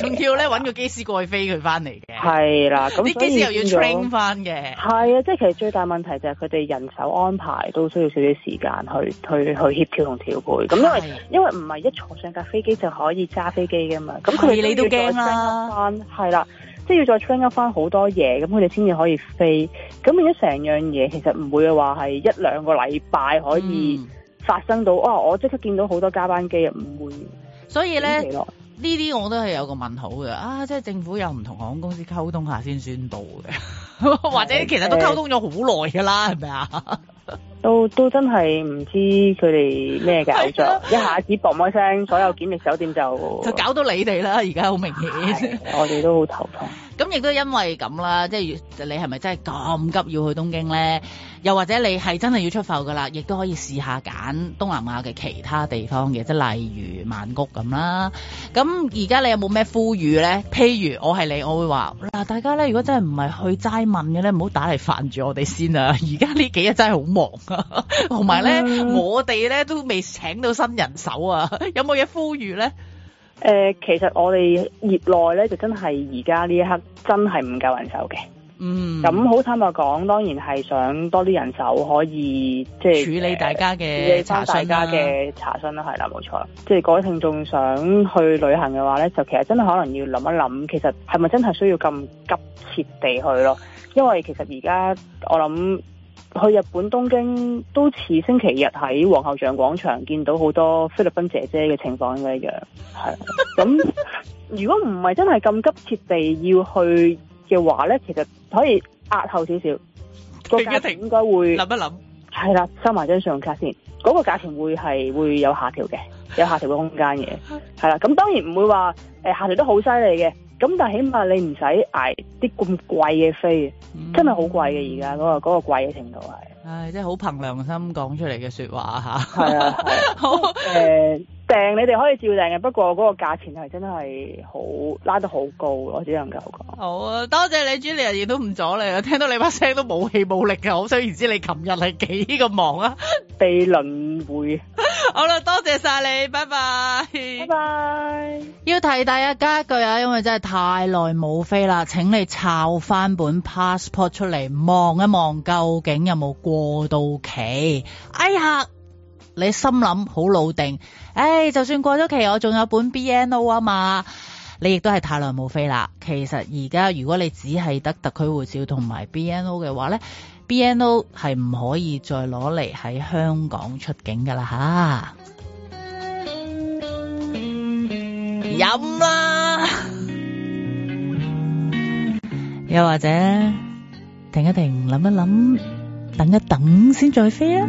仲要咧搵個機師過去飛佢翻嚟嘅。係啦，咁機師又要 train 翻嘅。係啊，即係其實最大問題就係佢哋人手安排都需要少少時間去去去協調同調配。咁因為因為唔係一坐上架飛機就可以揸飛機噶嘛，咁佢哋要再 train 翻，係啦。即係要再 train 翻好多嘢，咁佢哋先至可以飛。咁變咗成樣嘢，其實唔會話係一兩個禮拜可以發生到。哇、嗯哦！我即刻見到好多加班機，唔會。所以咧，呢啲我都係有個問號嘅。啊，即係政府有唔同航空公司溝通一下先宣布嘅， [LAUGHS] 或者其實都溝通咗好耐噶啦，係咪啊？呃是 [LAUGHS] 都都真係唔知佢哋咩搞作， [LAUGHS] 一下子嘭一聲，所有檢疫酒店就就搞到你哋啦！而家好明顯， [LAUGHS] 我哋都好頭痛。咁亦都因為咁啦，即係你係咪真係咁急要去東京咧？又或者你係真係要出埠噶啦？亦都可以試下揀東南亞嘅其他地方嘅，即係例如曼谷咁啦。咁而家你有冇咩呼籲咧？譬如我係你，我會話嗱，大家咧，如果真係唔係去齋問嘅咧，唔好打嚟煩住我哋先啊！而家呢幾日真係好忙。同埋咧，我哋咧都未請到新人手啊！有冇嘢呼籲咧？誒、呃，其實我哋業內咧就真係而家呢一刻真係唔夠人手嘅。嗯，咁好坦白講，當然係想多啲人手可以即係處理大家嘅查詢大家嘅查詢啦，係啦，冇錯。即係各位聽眾想去旅行嘅話咧，就其實真係可能要諗一諗，其實係咪真係需要咁急切地去咯？因為其實而家我諗。去日本東京都似星期日喺皇后像廣場見到好多菲律賓姐姐嘅情況應該一樣，係咁 [LAUGHS] 如果唔係真係咁急切地要去嘅話呢，其實可以壓後少少，停一停應該會諗一諗，係啦，收埋張信用卡先，嗰、嗰個價錢會係會有下調嘅，有下調嘅空間嘅，係 [LAUGHS] 啦，咁當然唔會話誒、呃、下調得好犀利嘅。咁但係起碼你唔使捱啲咁貴嘅飛，嗯、真係好貴嘅，而家嗰個嗰個貴嘅程度係，唉、哎，即係好憑良心講出嚟嘅說話吓。係 [LAUGHS] 啊，好誒、啊。 [LAUGHS] 嗯 [LAUGHS] uh, 你哋可以照訂嘅，不過嗰個價錢係真係好拉得好高，我只能夠講好啊。多謝你，Julia 亦都唔阻你啦。聽到你把聲都冇氣冇力嘅，好想唔知你琴日係幾咁忙啊？地輪回好啦、啊，多謝晒你，拜拜拜拜。要提大家加一句啊，因為真係太耐冇飛啦，請你抄翻本 passport 出嚟望一望，究竟有冇過到期？哎呀，你心諗好老定。唉、哎，就算過咗期，我仲有一本 BNO 啊嘛，你亦都係太耐冇飛啦。其實而家如果你只係得特區護照同埋 BNO 嘅話咧，BNO 係唔可以再攞嚟喺香港出境噶啦嚇。飲啦、 [MUSIC] 啊 [MUSIC] 又或者停一停，諗一諗，等一等先再飛啊。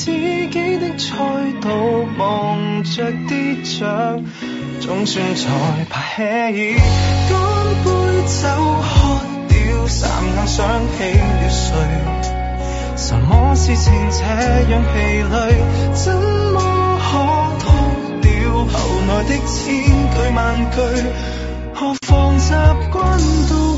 自己的賽道，望着跌撞，總算才爬起。乾杯酒喝掉，霎眼想起了誰？什麼事情這樣疲累？怎麼可吐掉喉內的千句萬句？何妨習慣都。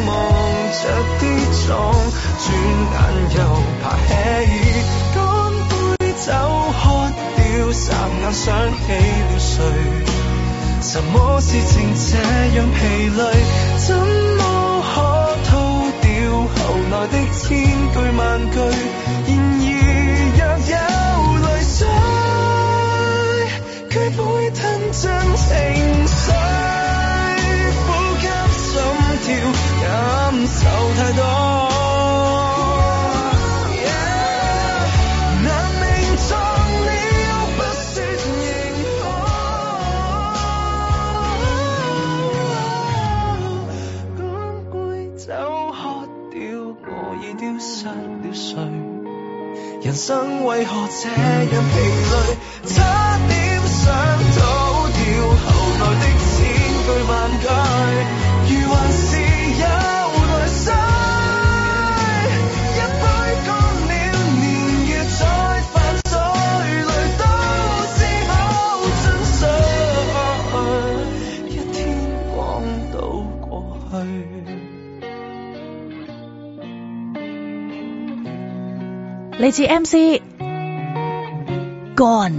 着跌倒，轉眼又爬起。乾杯酒喝掉，霎眼想起了誰？什麼事情這樣疲累？怎麼可吐掉後來的千句萬句？就太多，難名狀了，不說還好。乾杯酒喝掉，我已丟失了誰？人生為何這樣？嚟自 M C，乾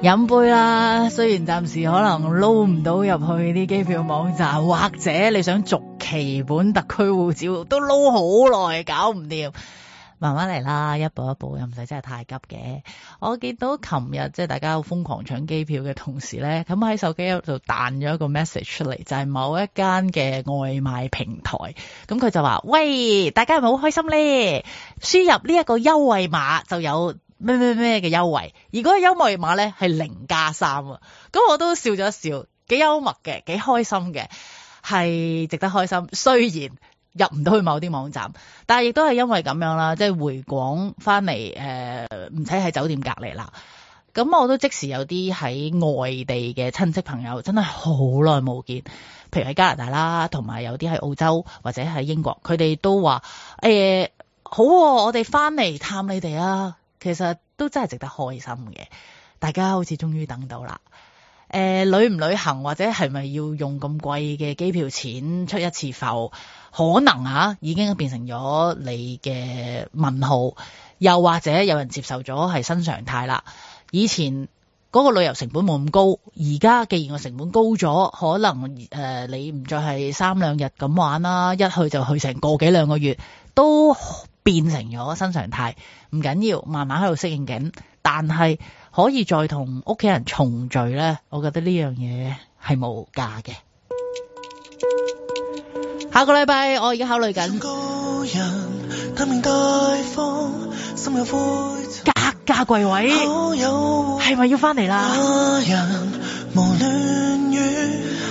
飲杯啦。雖然暫時可能撈唔到入去啲機票網站，或者你想續期本特區護照，都撈好耐，搞唔掂。慢慢嚟啦，一步一步又唔使真係太急嘅。我見到琴日即係大家好瘋狂搶機票嘅同時咧，咁喺手機度彈咗一個 message 出嚟，就係、是、某一間嘅外賣平台。咁佢就話：喂，大家係咪好開心咧，輸入呢一個優惠碼就有咩咩咩嘅優惠。而嗰個優惠碼咧係零加三啊。咁我都笑咗一笑，幾幽默嘅，幾開心嘅，係值得開心。雖然。入唔到去某啲網站，但係亦都係因為咁樣啦，即係回港翻嚟，誒唔使喺酒店隔離啦。咁我都即時有啲喺外地嘅親戚朋友，真係好耐冇見，譬如喺加拿大啦，同埋有啲喺澳洲或者喺英國，佢哋都話誒、欸、好、啊，我哋翻嚟探你哋啊，其實都真係值得開心嘅，大家好似終於等到啦。誒、呃，旅唔旅行或者係咪要用咁貴嘅機票錢出一次埠？可能吓、啊、已經變成咗你嘅問號，又或者有人接受咗係新常態啦。以前嗰個旅遊成本冇咁高，而家既然個成本高咗，可能誒、呃、你唔再係三兩日咁玩啦，一去就去成個幾兩個月，都變成咗新常態。唔緊要，慢慢喺度適應緊，但係。可以再同屋企人重聚呢，我覺得呢樣嘢係無價嘅。下個禮拜我已經考慮緊。格價貴位係咪要返嚟啦？隔隔隔隔是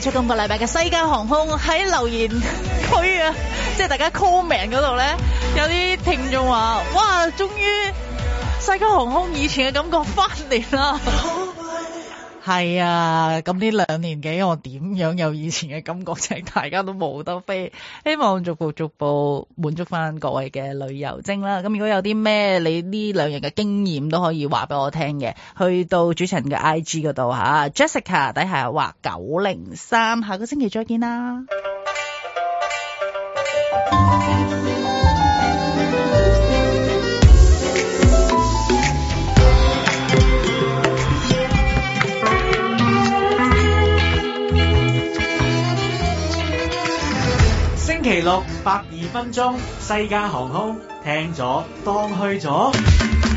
出今個禮拜嘅西加航空喺留言區啊，即係大家 comment 度咧，有啲聽眾話：「哇，終於西加航空以前嘅感覺翻嚟啦！係、oh、 [LAUGHS] 啊，咁呢兩年幾我樣有以前嘅感覺，大家都冇得飛。希望逐步逐步滿足翻各位嘅旅遊精啦。咁如果有啲咩你呢兩日嘅經驗都可以話俾我聽嘅，去到主持人嘅 IG 嗰度吓，Jessica 底下話九零三，下個星期再見啦。 [MUSIC] 星期六，百二分鐘，西加航空聽咗當去咗。